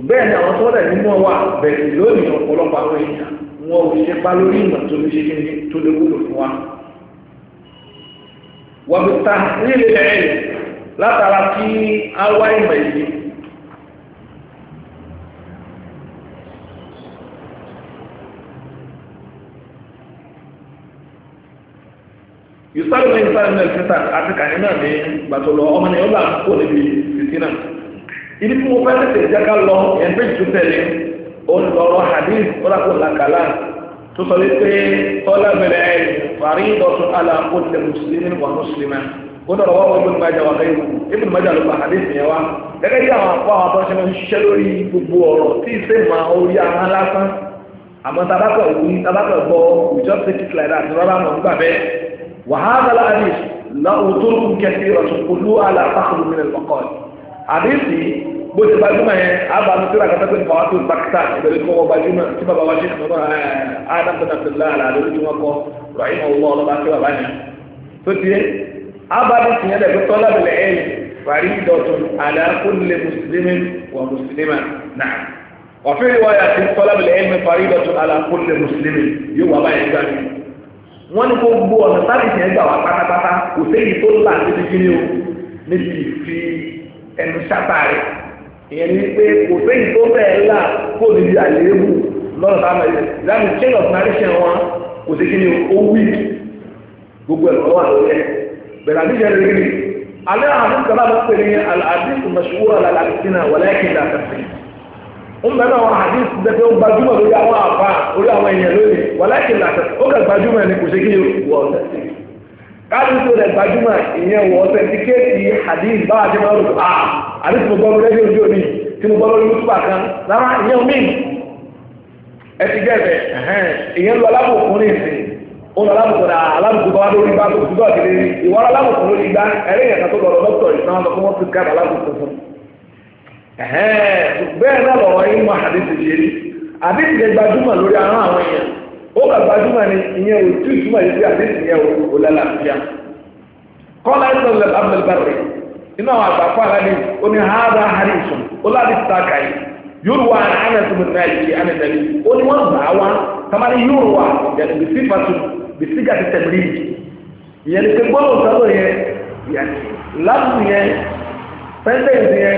bẹ́ẹ̀ ni àwọn tọ́lẹ̀ nínú wà bẹ̀rẹ̀ lónìí ọ̀pọ̀lọpọ̀ àwọn èèyàn wọn ò ṣe pa lórí ìmọ̀ tó ṣe tó lè wúlò fún wa. wọ́n fi ta nílé lẹ́yìn látara kí á wá ìmọ̀ yusuf àti ibi tí mo fẹ́ tètè jáká lọ ẹgbẹ́ ìtútẹ̀lẹ̀ olùdọ̀rọ̀ hadith kọ́lákó làkàlà tó sọ wípé tọ́lá bẹ̀rẹ̀ ẹ̀ fàrí ìdọ̀tún alákòtẹ̀ mùsùlùmí wà mùsùlùmí ó dọ̀rọ̀ wá wọ́n gbọ́dọ̀ májà wà bẹ́ẹ̀ wù ibùdó májà ló gba hadith yẹn wá gẹ́gẹ́ bí àwọn àpá àwọn abọ́ṣẹ́ máa ń ṣiṣẹ́ lórí gbogbo ọ̀rọ̀ tí ìṣe máa orí ahọ́n àdéhùn bó ti gbajúmọ̀ yẹn abàmì tó ràkàtà pé bàbá tó Pakistan ìbẹ̀rẹ̀ kọ́ wọ́n gbajúmọ̀ tí bàbá wa ṣe kàn mọ́ adam bin abdullahi alayhi wọn kọ́ rahim allah ọlọ́ba tó bàbá yẹn tó tiẹ̀ abàmì tiẹ̀ lẹ̀ pé tọ́lá bẹ̀rẹ̀ ẹ̀ fàrí dọ̀tun alákùnlé mùsùlùmí wà mùsùlùmí náà wàfẹ́ ìwáyà ti tọ́lá bẹ̀rẹ̀ ẹ̀ fàrí dọ̀tun alákùnlé mùsùlùmí yóò wà báyìí gbà mí wọ́n ní gbogbo ọ̀nà sábìsì ẹnu sábà rẹ̀ ìyẹn ni pé kò séyìí tó bẹ́ẹ̀ là kó o níbi àléébù lọ́nà táwọn ẹ̀sìn ìdáàbò chain of narration wọn kò sí kí ni ó wí gbogbo ẹ̀ lọ́wọ́ àlọ́ yẹn bẹ̀rẹ̀ àbí yẹn rí alẹ́ àwọn àdúgbò bá pè ní àdìsù mọ̀ṣúwò alàlàbìsínà wọlé kìlà kàfẹ́ ń bẹ̀rẹ̀ àwọn àdìsù dẹ́gbẹ́ ó gbajúmọ̀ lórí àwọn àbá orí àwọn èèyàn lónìí wọlé kìlà kàfẹ́ ó kà gbajúmọ̀ ẹni kò sí kí ni wọ́n tẹ̀sí kálùkù rẹ̀ gbajúmọ̀ ìyẹn wọ ọ̀tẹ̀ntikéètì hadith bá àjẹmọ́ rò à ah, àdìsí mo gbọ́ lórí ojú omi tí mo gbọ́ lórí yútúbà kan lára ìyẹn omi ẹ ti gẹ̀ẹ́fẹ̀ ìyẹn lọ ní ìsìn ó lọ bá wà lórí bá tó dúdú àti ìwọ lórí gbá ìyẹn kan tó lọ lọ́tọ̀ ìsìn lọ fún wọn ti ká ó wà gbajúmọ̀ ní ìyẹn o tí ìtumọ̀ yìí àti ìyẹn o kò lálàáfíà kọ́lá ìsọ̀lẹ̀ abdulbari iná àwọn àgbàkọ́ àlàní ó ní hàdà harrison ó láti ta kàyí yóò wá àná tó mẹ́ta yìí àná tẹ̀lé ó ní wọ́n gbà wá tamari yóò wá yàtọ̀ bìsí pàtó bìsí gàtí tẹ̀mírí ìyẹn ní pé gbọ́dọ̀ sábà yẹn yàtọ̀ láti yẹn sentence yẹn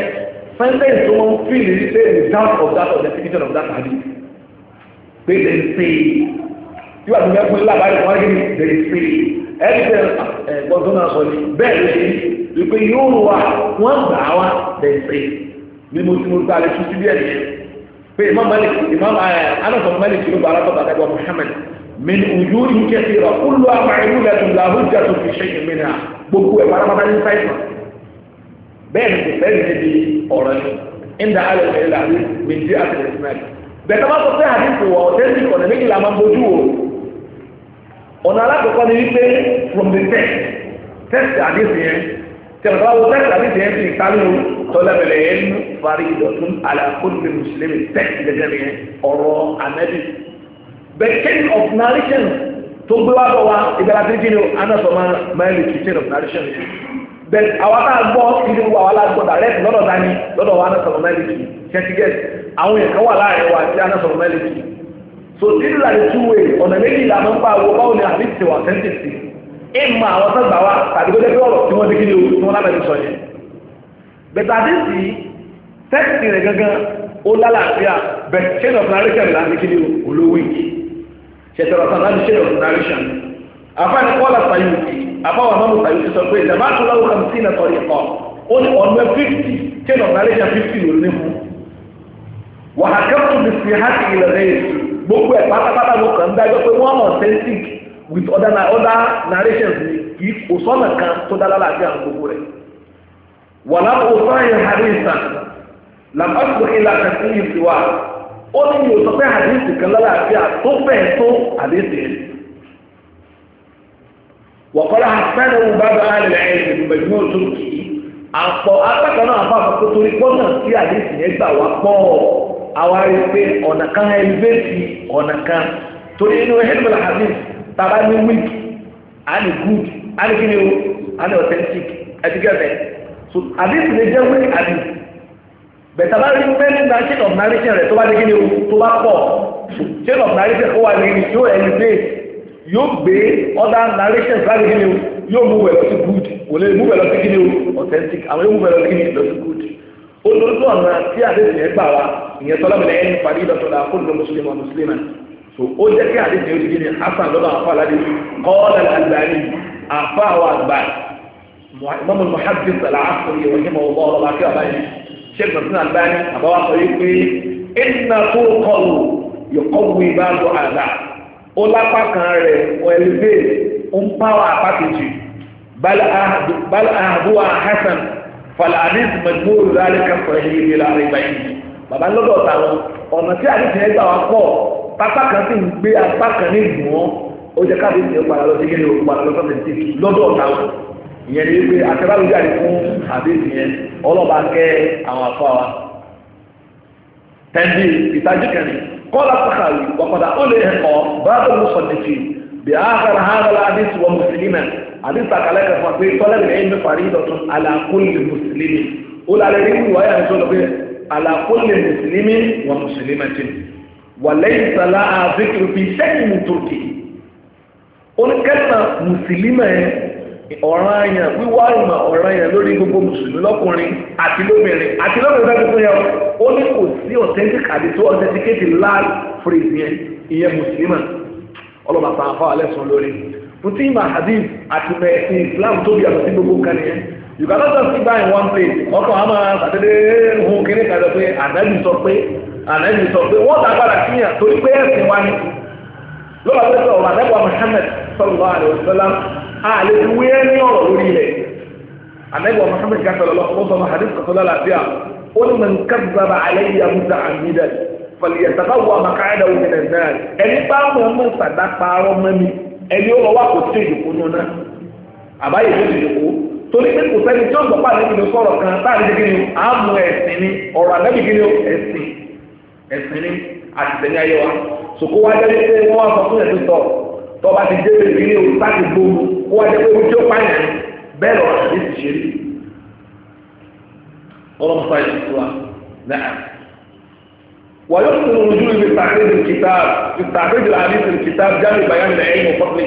sentence tó wọ́n fìlì pé the doubt of that of the definition of that hadith pé lè ṣe tí wàá tó fẹ́ pín lábàárì wọn kí ni bèrè sí ẹgbẹ́ ẹ̀gbọ́n náà sọ ni bẹ́ẹ̀ lè rí pé yóò rò wá wọ́n gbà wá bèrè sí ni mo ti mo gba àlejò sí bí ẹ̀yẹ pé imam malik imam anas of malik ló gba alábọ̀tà dàgbà muhammed min ujúri kẹsìrọ kúlù àmàlú lẹtùn làhùjà tó fi ṣe ìmìnira gbogbo ẹ̀ pátápátá ní sáìsàn bẹ́ẹ̀ ni kò fẹ́ẹ́ níbi ọ̀rọ̀ ni inda alẹ́ ìlànà mi di àtẹ̀lẹ́sìmẹ́lì ọ̀nà alákọ̀ọ́kọ́ ni wípé from the text Test àdéhùn yẹn tẹ̀lifà wo text àdéhùn yẹn ti ìtàlù tọ́lẹ̀bẹ̀rẹ̀ yẹn ní parí ìdọ̀tún alákòóbè mùsùlùmí text gẹ́gẹ́ yẹn ọ̀rọ̀ anẹ́bí the king of narration tó gbé wá lọ wa ìgbàlá tí kìíní anásọ̀mọ́ mẹ́lì kì chain of narration yẹn then àwọn tá a gbọ́ kìíní wo àwọn alágbọ́ direct lọ́dọ̀ dání lọ́dọ̀ wa anásọ̀mọ́ mẹ́lì kì so nílùú àti túwé ọ̀nà méjì là máa ń bá wo báwo ni àti tèwà tẹ́ǹtìtì ìmọ̀ àwọn sọ́gbà wa tàbí gbọ́dọ̀ pé ọ̀rọ̀ tí wọ́n ti kí ni o tí wọ́n lábẹ́ ti sọ yẹn bẹ̀tà àdéhùn tẹ́ǹtì rẹ̀ gangan ó lálàáfíà bẹ̀tà chain of narration là ń ti kí ni o olówó ìkí ṣẹ̀tẹ̀rọ̀ sàn láti chain of narration àfáàní kọ́lá sayuti àbáwọn mọ́mú sayuti sọ pé ìjàmbá tó láwọ́ kan sí ilẹ̀ sọ̀rọ̀ ìkọ́ ó ní ọ̀nà fifty chain of narration fifty ló ní fún wàhálà kẹ́kọ̀ọ́ bí fi hàtì ilẹ̀ lẹ́yìn gbogbo ẹ̀ pátápátá ló kàn ń dájọ́ pé wọ́n mọ̀ authentic with other other narrations ni kì í kò sọ́nà kan tó dá lálàáfíà gbogbo rẹ̀ wàlá kò sáyẹn àríṣà làbáṣọ ìlà kàtí yìí ti wá ó ní yóò sọ pé àdéhùn kan lálàáfíà tó fẹ́ẹ̀ tó àdéhùn àwárí pé ọ̀nà kan ẹlẹ́bẹ̀tì ọ̀nà kan torí inú helmel hadith tàbá ní weak and good and kí ni o and authentic ẹ̀dígẹ́fẹ̀ so hadith lè jẹ́ weak hadith bẹ̀tà bá rí pé nígbà chain of narration rẹ̀ tó bá dé kí ni o tó bá pọ̀ chain of narration ó wà ní yóò elevate yóò gbé other narrations láti kí ni o yóò mú wẹ̀ lọ sí good kò lè mú wẹ̀ lọ sí kí ni o authentic àwọn yóò mú wẹ̀ lọ sí kí ni lọ sí good olóòtú ọ̀nà tí àdéhùn yẹn gbà wá ìyẹn tọ́lá mi lẹ́yìn parí ìdọ́tọ̀lá kóńdó mùsùlùmí ọ̀ mùsùlùmí so ó jẹ́ kí àdéhùn yẹn ti ní hasan lọ́dọ̀ àfa aládé kọ́ọ̀lá àgbáyé àfa àwọn àgbà mọ́mọ́ muhammed alaafuri rahimah ọgbọ́n ọlọ́ba kí wàá báyìí sheikh nasir albani àbáwá sọ yìí pé ìnà tó kọlù yọkọ̀wé bá lọ àdá ó lápá kan rẹ̀ wẹ̀lẹ́gbẹ̀ẹ́ ń pàwọ̀ àpá kejì bal àdúrà hasan fàlàdé mẹgbóòrò láti kẹfọ ẹyẹ ìwé láàrin ìgbà yìí bàbá lọ́dọ̀ táwọn ọ̀nà tí àdìsí yẹn gbà wá pọ̀ pápá kan sì ń gbé apá kan ní ìgbọ̀n ó jẹ́ káàdì tiẹ̀ padà lọ sí kí ni o padà lọ sọ́dọ̀ tí lọ́dọ̀ táwọn ìyẹn ni wípé àtẹ́bárúdì àdìfún àdìsí yẹn ọlọ́ba kẹ́ àwọn afọ wa tẹ́ndì ìtajú kẹrin kọ́lá sàkàwì ọ̀padà ó lè hẹ̀kọ́ bá àti sàkàlẹ̀ kẹfà pé tọ́lẹ̀ lẹ́yìn mi parí ìdọ̀tún alákólè mùsùlùmí ó lálẹ́ rí wíwá yà ń sọ̀rọ̀ pé alákólè mùsùlùmí wà mùsùlùmí ti wà lẹ́yìn sàlá àzíkìrì fi sẹ́yìn mú tòkì oníkẹ́nà mùsùlùmí ọ̀ràn àyàn wíwá ìmọ̀ ọ̀ràn àyàn lórí gbogbo mùsùlùmí lọ́kùnrin àti lóbìnrin àti lóbìnrin fẹ́ tuntun yẹn ó ní kò sí authentic àti tó authenticate láàrín phrase yẹn ìyẹn mùsùlùmí ọlọ́mọ àtàwọn afọ alẹ́ sùn lórí putting my hadith àti mẹ́sìn islam tó bí àtúntí gbogbo nǹkan nìyẹn you can also sit down in one place ọkọ̀ àmà àtẹ́lẹ́ ohun kéré kan sọ pé ànábì sọ pé ànábì sọ pé wọ́n tàgbàrà kíyàn torí pé ẹ̀sìn wa ni lọ́wọ́ pé sọ̀rọ̀ àdẹ́gbà Muhammad sallallahu alaihi wasallam Ha, ti wé ni ọ̀rọ̀ lórí rẹ̀ àdẹ́gbà Muhammad gàtọ̀lọ́ lọ́wọ́ sọ̀rọ̀ hadith sọ̀tọ̀lá làbíà ó ní man kazzaba alayya muta'ammidan falyatabawa maq'adahu min an-nar ẹni bá mọ̀ mọ̀ sàdápa ọmọ ẹni ó lọ kò sí ìdìbò nù náà àbáyé tó ti dìbò torí pé kò sẹ́ni tí pàdé sọ̀rọ̀ kan ẹ̀sìn ni ọ̀rọ̀ àdẹ́bí ẹ̀sìn ẹ̀sìn ni àtìsẹ́ni ayé wa jẹ́ pé wọ́n wá sọ fún ẹ̀sìn ti dé bèbí ní òun láti kó jẹ́ pé ojú ó pààyàn bẹ́ẹ̀ ويحسن وجود بالتعريض الكتاب بالتعريض الحديث الكتاب جاء بيان العلم وفضله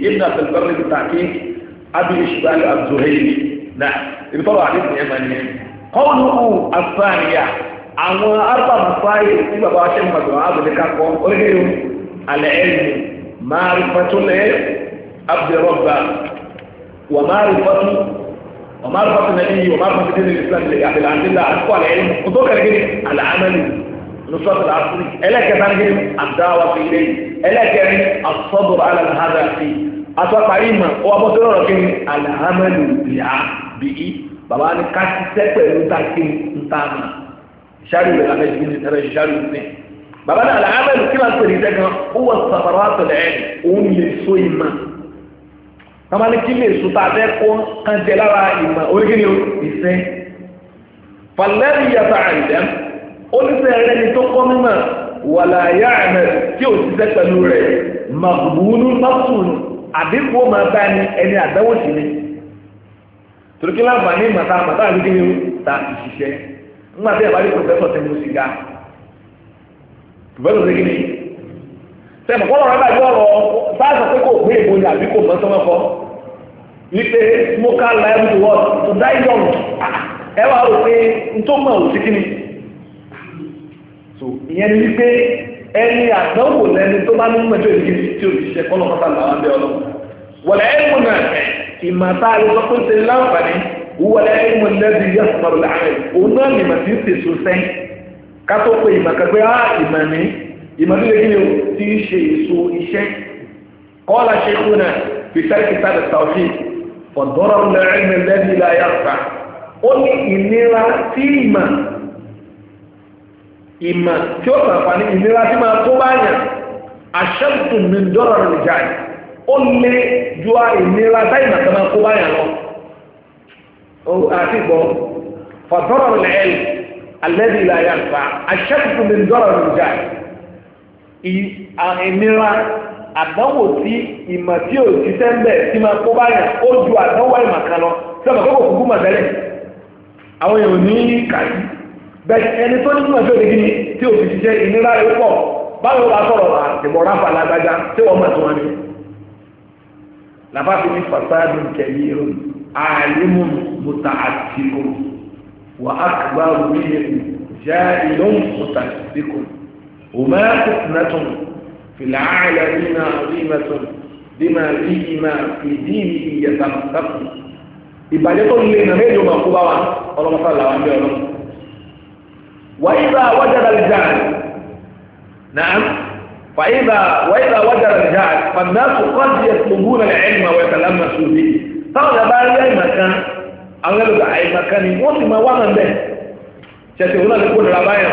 لابن عبد البر بالتحقيق ابي اشبال الزهيري نعم اللي طلع حديث يمني قوله الثانيه àwọn arba masáyé tí bàbá wa ṣe ń gbàgbọ́ àbùdí kakọ orílẹ̀ alẹ́ẹ̀lì máàrífàtúlẹ̀ abdulrọ̀bà wà máàrífàtú wà máàrífàtú nàbí wà máàrífàtú tẹ́lẹ̀ islam lè àbẹ̀lẹ̀ àdìlá àkọ́ alẹ́ẹ̀lì kò tó kẹ̀lẹ́gẹ́lẹ́ alẹ́ نصرة العصر إليك تنجل الدعوة إليه إليك الصبر على هذا فيه أتوقع إما وأبطل ركين العمل بإيه بابا أنا كاسي سيكوة نتاكين نتاكين شاري بالعمل شاري شاري بابا أنا العمل كما سريتك هو الثمرات العين أون يسو إما كما نكيل يسو تعتقون قنجلها إما أولي كنيو إسان فالذي يتعلم oníṣẹ́ rẹ̀ ni tó kọ́ mímọ̀ wà láyé àmẹ́ tí ò ṣiṣẹ́ pẹ̀lú rẹ̀ màbùbùnú mọ́tún àdínkù ó máa bá ẹni àdáwò sí ta ìṣiṣẹ́ ńgbà tí àbálẹ̀ pòfẹ́sọ̀ ti mú sìgá sẹ́mi kọ́ lọ́rọ́ ọ̀rọ̀ sáàsì pé kò to to die young ah, ẹ so ìyẹn ni wípé ẹni àdánwò lẹni tó bá ní mẹ́jọ ìdí tí òṣìṣẹ́ kọ́nà kọ́ta làwọn abẹ́ ọlọ́ wọlé ẹ̀mú náà ìmọ̀ta ìsọkún ti láǹfààní wọlé ẹ̀mú lẹ́bi yẹ sọ̀rọ̀ láàrin òun náà ni ìmọ̀ tí ń tèso sẹ́ kátó pé ìmọ̀ kẹgbẹ́ á ìmọ̀ ní ìmọ̀ tó lè kí ni o ti ń ṣe èso iṣẹ́ kọ́lá ṣe kú náà bìtẹ́rì kìtà lè sàwọ́fì fọ̀dọ́rọ̀ lẹ́rìn lẹ́bi láyà ìmọ̀ tí ó sàǹfà ní ìnira tí máa tó báyàn àṣẹ́kù mi dọ́rọ̀ rẹ̀ jà yìí ó lé ju ìnira táìmọ̀ tó máa kó báyàn lọ. àti ìbọn fọ̀tọ́rọ̀ rẹ̀ ẹ̀lì alẹ́bí ilà yà fà àṣẹ́kù mi dọ́rọ̀ rẹ̀ jà yìí ìnira àdánwò tí ìmọ̀ tí ò ti sẹ́ńbẹ̀ tí máa kó báyàn ó ju àdánwò àìmọ̀ kan lọ sọ́mọ̀ kókò kúkú mọ̀ àwọn èèyàn ní kàyí bẹ̀rẹ̀ ẹni tó nínú ẹjọ́ ìdí ni tí ò fi ṣiṣẹ́ ìnira rẹ̀ pọ̀ báwo wá sọ̀rọ̀ àtìmọ̀ ráfà lágbájá tí wọ́n mọ̀ tí wọ́n ní. làbáfi ní fasadu kẹ̀lí irun àìlímù mùtà àtìkù wà á kàgbá omi ẹ̀kú jẹ́ ìlú mùtà àtìkù òmà kùtùnàtùn fìlà àìlẹ̀ nínà rímẹ̀tùn bímà rí ìmà ìdí ìbàjẹ́ tó lè nà mẹ́jọ máa kó bá ọlọ́mọ وإذا وجد الجعل نعم فإذا وإذا وجد الجعل فالناس قد يطلبون العلم ويتلمسوا به طلب أي مكان أو يلقى أي مكان وما وما به شتقول لكل ربايا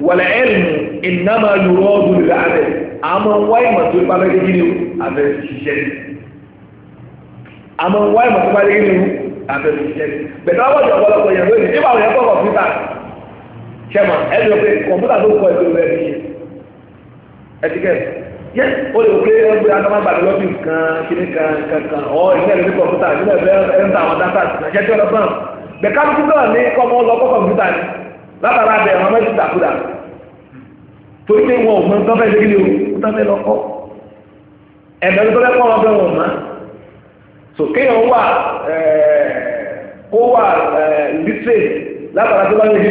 والعلم إنما يراد للعمل أما واي ما تقول بابا كيلو أبي شيشي أما واي ما تقول بابا كيلو أبي شيشي بتعود يا ولد يا ولد إيه بقى يا بابا في بعض chairman ẹni o pe kọ̀mpútà tó kọ ẹgbẹ́ rẹ̀ nìyẹn ẹtikẹ́tì yẹ o lè pe ẹgbẹ́ adama gbàdúrà lọ́bì kan kíní kan kankan ọ ìgbẹ́ rẹ̀ ní kọ̀mpútà nígbà bẹ́ẹ̀ ẹ̀ ń ta àwọn dátà ṣẹ́ tí ọ̀dọ́ fún un bẹ̀ka lókun náà ní kọ́mọ lọ kọ́ kọ̀mpútà ni látara bẹ̀ wọn mẹ́tì dàkúdà torí pé wọn ò mọ nǹkan fẹ́ẹ́ dégélé o nǹkan fẹ́ẹ́ lọ kọ́ ẹ̀mẹ́ tó fẹ́ kọ́ wọn bẹ́ẹ̀ wọn mọ́ so kéèyàn wà kó wà lítírè látara tó bá yẹ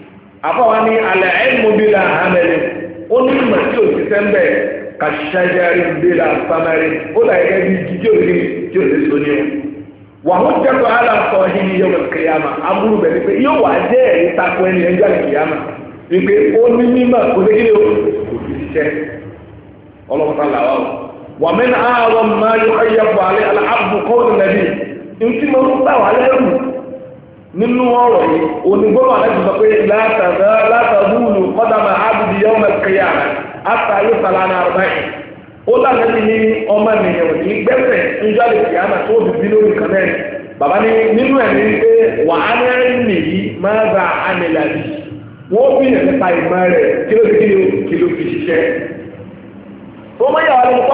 àfọwọ́ ní alẹ́ ẹ̀mọ́bílà amẹ́lẹ́ ó ní ìmọ̀ tí ò ti sẹ́ńbẹ̀ kàṣájáre bílà pamẹ́rẹ́ ó là yẹ bí jíjí òní tí ò ti so ní o. wà ó jẹ́kọ̀ aláṣọ yìí ní yọ̀wọ̀ kìyàmà amúrú bẹ̀ nípe yóò wà jẹ́ ẹ̀rí takọ ẹni ẹjọ́ kìyàmà wípé ó ní mímọ̀ kò sí kíni o kò sí ṣiṣẹ́ ọlọ́mọta làwà o. wà mí ní àwọn máa yọ ẹyẹ fún alẹ́ alábùkọ́ nínú ọ̀rọ̀ yìí onígbọ́nà aláìsí sọ pé látàdúrù kọ́dàmà ábùdí yọ ọmọ kẹyà sàlánà àrùbá ó lànàbí ní ọmọ ènìyàn ní gbẹ́sẹ̀ níjọ́ àmà tó fi bí lórí kan bàbá ní nínú ẹ̀ ní pé wà á ní ẹ̀rín nìyí máa ra àmìlà wọ́n nípa ìmọ̀ rẹ̀ kí ló fi kí ló fi ṣiṣẹ́ ó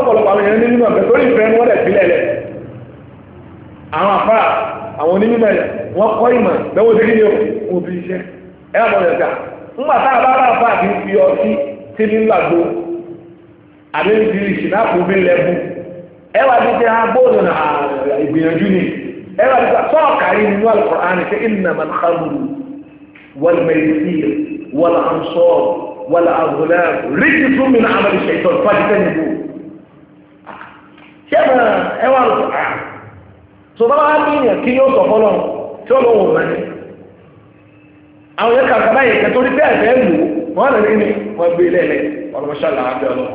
àwọn nínú ìfẹ́ àwọn onímọ̀ ẹ̀ wọ́n kọ́ ìmọ̀ lọ́wọ́ sí kíni o fi iṣẹ́ ẹ̀ wọ́n lọ jà ńgbà tá a bá rà fà kí n fi ọtí tí ní làgbo àbí n fi ìṣìnàpò bí lẹ́bù ẹ̀ wà ní ti ha bóòlù nà ìgbìyànjú ni ẹ̀ wà sọ́ọ̀kà yìí nínú Al-Qur'an ṣe ìnàmà kàlù wàlmẹ̀sì wàlànsọ́ wàlàhùnà ríkì tún mi náà àmàlì ṣètò fàdíkẹ́ nìbò ṣé ẹ tó bá wá ní ìyàn kí yóò sọ̀kọ́ lọ tí ó lóun mọ̀ ní àwọn yẹn kàkà báyìí kẹ torí bẹ́ẹ̀ bẹ́ẹ̀ lò wọ́n lè ní wọ́n gbé lẹ́lẹ̀ ọlọ́mọṣálà abẹ́ ọlọ́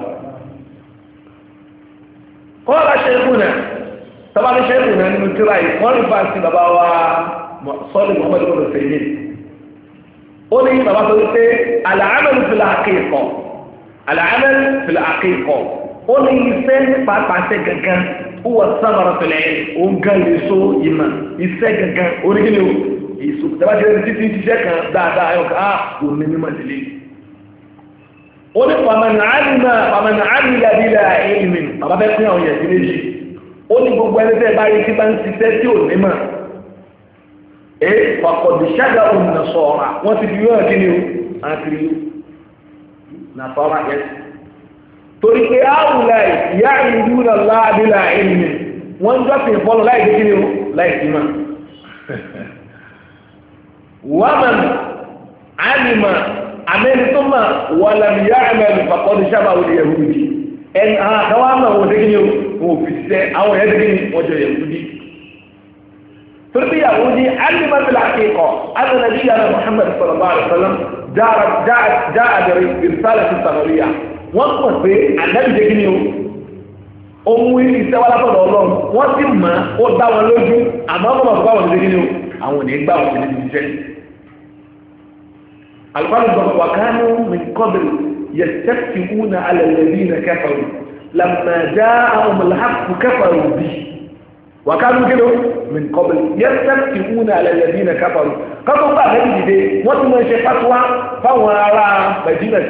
kọ́ bá ṣe kù náà tọ́ba ní ṣe kù náà nínú tíra yìí wọ́n lè fa sí bàbá wa sọ́ọ̀lì Muhammad bọ́lá sẹ́yìn ó ní bàbá tó ń pé al-amal fil haqiqa al-amal ó ní iṣẹ́ nípa pàṣẹ gangan huwa samara fẹ̀lẹ̀ ó ń gan lè so ìmọ̀ iṣẹ́ gangan orígìnì o èso tẹ́lá ti rẹ̀ títí ṣiṣẹ́ kan dáadáa ayọ̀ ká òní mímọ̀ délé ó ní pàmẹ́nà àlìmọ̀ pàmẹ́nà àlìlà bílà ìlmi bàbá fẹ́ pín àwọn yẹ̀dí méjì ó ní gbogbo ẹni tẹ́ bá rí tí bá ń ṣiṣẹ́ tí ò ní mọ̀ ẹ pàkọ̀dù ṣága òun nà sọ̀ra wọ́n ti fi wíwọ́n kí ni o àti nàfọ́ra yẹn torí pé áwùlà ìyá ìlú náà láàbílà ìlú wọ́n ń jọ́sìn fọ́lọ́ láì dé kíni o láì sí máa wàmàn ánìmà àmẹ́nitọ́mà wàlàmìyá àmẹ́lù pàkọ́dù sábà wọlé yahudi ẹni àwọn àtàwọn àmà wọn dé kíni o wọn ò fi sẹ àwọn yẹn dé kíni wọn jọ yahudi torí yahudi ánìmà bí láti kọ ánìmà bí yàrá muhammad sallallahu alaihi wa sallam dáa ìrìsálẹ̀ sí sàmàlíyà wọ́n pọ̀ pé àdábìjẹ́ kí ni o ohun iṣẹ́ wá látọ̀dọ̀ ọlọ́run wọ́n sì mọ̀ ó dá wọn lójú àmọ́ wọ́n mọ̀ báwọn ṣe kí ni o àwọn ò ní gbà wọ́n níbi iṣẹ́ alùpàdé gbọ́dọ̀ wà kánú mi kọ́bìrì yẹ sẹ́kì wúna alẹ́ lẹ́bí na kẹfàrù làmà àwọn mọ̀láhàkù kẹfàrù bí wà kánú kí ni o kọ́bìrì yẹ sẹ́kì wúna alẹ́ lẹ́bí na kẹfàrù kọ́kọ́ bá àbẹ́bí dìde wọ́n ti mọ̀ ṣe fatuwa fáwọn ará Mẹ́dínà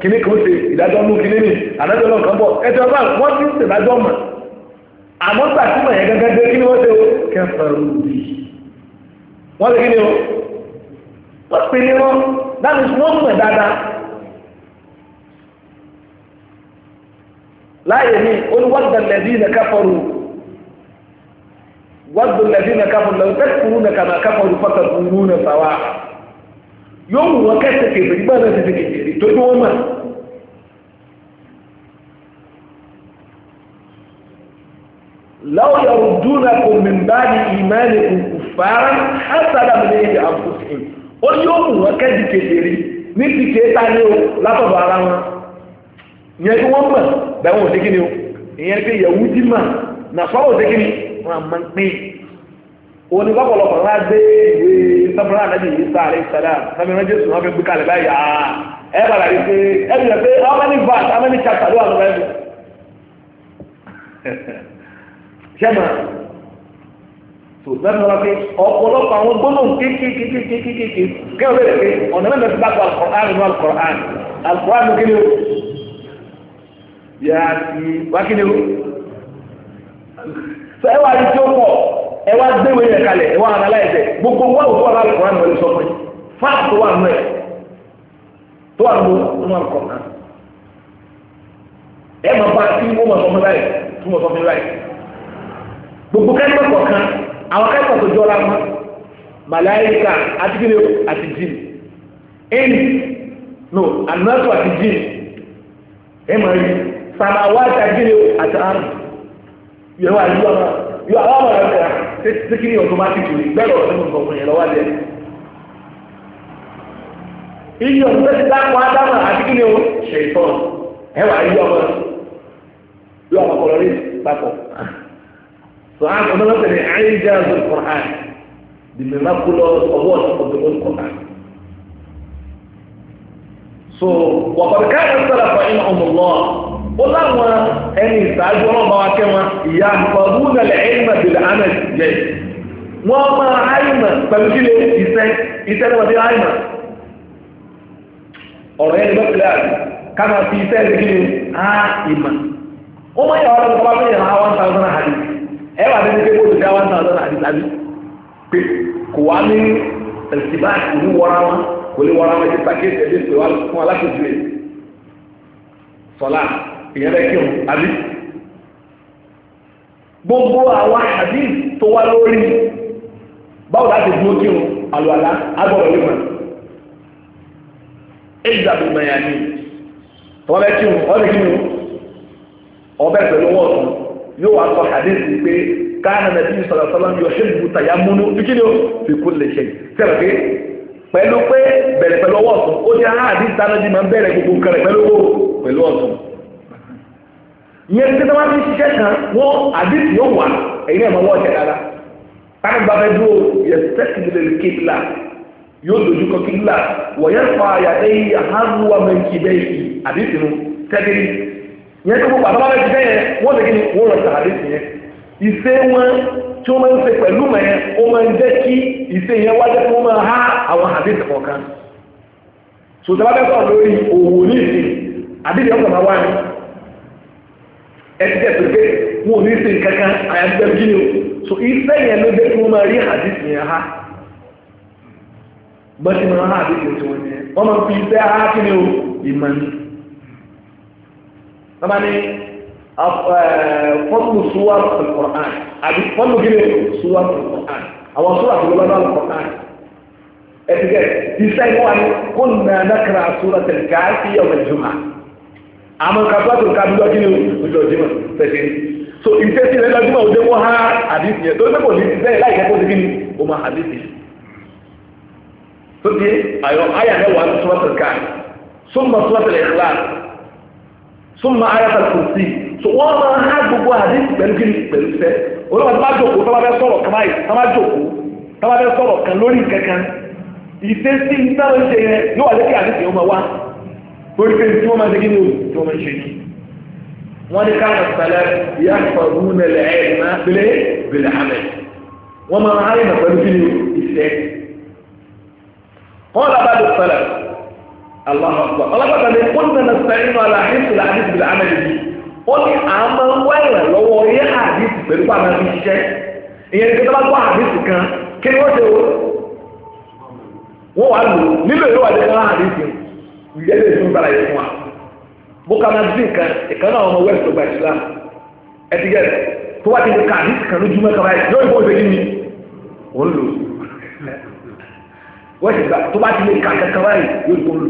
kíní kan ṣe ìdájọ́ mú kíní ni àdájọ́ náà kan bọ̀ ẹjọ́ bá wọ́n ti ń ṣèdájọ́ mọ̀ àmọ́ gbà tí wọ̀nyẹn gẹ́gẹ́ dé kí ni wọ́n ṣe o kẹfẹ́rù bì wọ́n ṣe kí ni o wọ́n pè ní wọn láti wọ́n mọ̀ dáadáa láyé ní olùwádìí ní káfọ́rù wádìí ní káfọ́rù lọ́wọ́ tẹ́kùrú ní kàmá káfọ́rù fọ́tàkùrú ní sàwáà yóò wù wọn kẹsẹ̀ kẹfẹ́ nígbà náà tẹsẹ̀ kẹfẹ́ tó tó wọn mà. láwọn yàrá dúnà kò mìíràn ní ìmáàlì kò fara hásàdà mi ní àfúsìn ó yóò wù wọn kẹsẹ̀ kẹfẹ́ rí ní ti kéta ní o látọ̀dọ̀ ara wọn ìyẹn tí wọ́n mọ̀ bẹ́ẹ̀ wọ́n ò ni o ìyẹn pé yẹ̀wù dì mà nàfọ́ ò ni wọ́n à máa pín òní ńlá gbé ìwé sábúrò ànábì yìí sá àlẹ́ ìsàlá sábì rán jésù wọn fẹ́ gbé kalẹ̀ báyìí àá ẹ bàrà rí pé ẹ bìyà pé how many verse how many chapter ló wà lọ́wọ́ ẹ̀mí. sẹ́mà tó lẹ́nu ọ̀rọ̀ pé ọ̀pọ̀lọpọ̀ àwọn gbólóhùn kékékékékékéké kí wọ́n bẹ̀rẹ̀ pé ọ̀nà mẹ́ta ti bá kọ alukọ̀rán nínú alukọ̀rán alukọ̀rán ló kéde o yàtì wákìlẹ̀ o sọ ẹ wà á rí tí ó pọ̀ Ewa wá gbéwé yẹn kalẹ̀ ẹ wá gbogbo wà òkú ọ̀la àlùkò àná ẹni sọ pé fáàpù tó wà nù ẹ tó wà nù nù àlùkò náà ẹ máa bá tí wọ́n mọ̀ sọ́mi láì tí wọ́n sọ́mi láì gbogbo kẹ́kọ̀ọ́ kọ̀ọ̀kan àwọn kẹ́kọ̀ọ́ tó àti no ànátò àti jíìmù ẹ máa rí sàmáwá àti àjíìmù àti àrùn yóò wá yóò àwọn àwọn àwọn àwọn síkìrì automatic rẹ̀ gbẹ́rọ̀ ọ̀sẹ̀ mọ̀ nǹkan yẹn lọ́wọ́ lẹ̀. iye ọ̀sẹ̀ ti dákọ̀ ádámà àti kí ni o ṣe ìtọ́n ẹwà iye ọmọ yọ ọmọ kọlọ rí papọ̀. sọ á kọ́ lọ́sẹ̀ ní àyíjá ọ̀sẹ̀ kọ̀ọ̀án the miraculous award of the whole Quran. so wàkọ̀ọ̀ká ẹ̀rọ sọ̀rọ̀ fún ìmọ̀ ọmọ lọ́wọ́ ó láwọn ẹni ìsáájú wa kẹ́ wọn ìyá àgbàbú nàlẹ̀ ẹ̀yìnmà bèlè àmà wọ́n máa àyìnmà pẹ̀lú kí lè ìṣẹ́ ìṣẹ́ ọ̀rọ̀ àti ìyẹn bẹ́ kí òun àbí gbogbo àwọn àbí tó wá lórí báwo láti dúró kí òun àlùwàlá agbọ̀rọ̀ lè mọ̀ èyí dàbí mẹ́yà ni tọ́wọ́ bẹ́ kí òun ọ̀bẹ kí òun ọ̀bẹ pẹ̀lú wọn ọ̀tún yóò wá sọ hadith pé káàna nàbí sallallahu alaihi wasallam yóò ṣe ni ó fi kú lè ṣe sẹ́rẹ̀ pé pẹ̀lú pé bẹ̀rẹ̀ pẹ̀lú ọwọ́ ọ̀tún ó jẹ́ àádìí dáná bí máa ń bẹ̀rẹ̀ gbogbo nǹkan pẹ̀lú ọ̀tún ìyẹn tí wọ́n ti ṣiṣẹ́ kan wọ́n àdìsí yóò wà ẹ̀yin náà máa wọ́ ọ̀jẹ̀ dára táwọn gba bẹ dúró yẹ sẹ́kìlì yóò dojú fa àyàtẹ́ yìí àhánuwa mẹ́ǹkì bẹ́ẹ̀ yìí àdìsí nu tẹ́gìrì ìyẹn tó gbogbo àtàwọn ẹgbẹ́ yẹn wọ́n lè wọ́n lọ sàrà yẹn ìṣe wọn tí wọ́n máa ń ṣe pẹ̀lú máa ń ẹ̀dẹ́ tó gbé wọn ò ní sin kankan àyàgbẹ́ bí ni o so ìfẹ́ yẹn ló dé kí wọ́n máa rí àdìsí yẹn ha gbọ́sí máa ha àdìsí tí wọ́n yẹn wọ́n máa fi ìfẹ́ ha kí ni o ìmọ̀ ni. bàbá ni fọ́nmù súwà Al-Qur'an àbí fọ́nmù kí ni o súwà Al-Qur'an àwọn súwà tó lọ́wọ́ Al-Qur'an ẹ̀dẹ́gẹ́ ìfẹ́ yẹn wà ní kó nà nàkàrà súwà tẹ̀lifíà sí ọ̀gbẹ̀jùmọ̀ àmọ́ kàbátò kàbíjọ́ kí ni ojú ọjọ́mọ̀ pẹ̀sẹ̀ ní so ìfẹ́ sí ilẹ̀ lọ́jọ́mọ̀ òde wọ́n há àdìsí yẹn tó gbẹ́kọ̀ ní bẹ́ẹ̀ láì kẹ́kọ̀ọ́ sí kí ni ó máa àdìsí tó di àyọ̀ àyà mẹ́wàá ní sọ́mọ́tò ká sọ́mọ́ sọ́mọ́tò ẹ̀kla sọ́mọ́ ayáta kò sí so wọ́n máa há gbogbo àdìsí pẹ̀lú kí ni pẹ̀lú fẹ́ olóòtú bá jòkó torí pé tí wọ́n máa dégé ní òun tí wọ́n máa ṣe ní. wọ́n ní káwọn sálẹ̀ ìyá àpàrọ̀ òun lẹ̀ ẹ̀ máa bẹ̀rẹ̀ bẹ̀rẹ̀ àmẹ́ wọ́n máa hàn ní pẹ̀lú kí ni ìfẹ́. wọ́n lábá ló sálẹ̀ aláwọ̀ àpá ọlọ́pàá ni ó nana sẹ́yìn náà láàrin ìfìlà àdìsí bẹ̀rẹ̀ àmẹ́ yìí ó ní àmọ́ wẹ́rẹ̀ lọ́wọ́ yẹ́ àdìsí pẹ̀lú pàmò àdìsí kan kí ìgbẹ́lẹ̀ ìlú gbára yìí fún wa bókà máa dín nǹkan ìkànnà ọmọ west ọgbà islam ẹtìgẹ́rẹ́ tó wá ti di ká àdìsí kan lójúmọ́ kaba yìí yóò ìbọn ìbẹ́yìn ni òun lò west ìgbà tó bá ti di ká kankan báyìí yóò ìbọn lò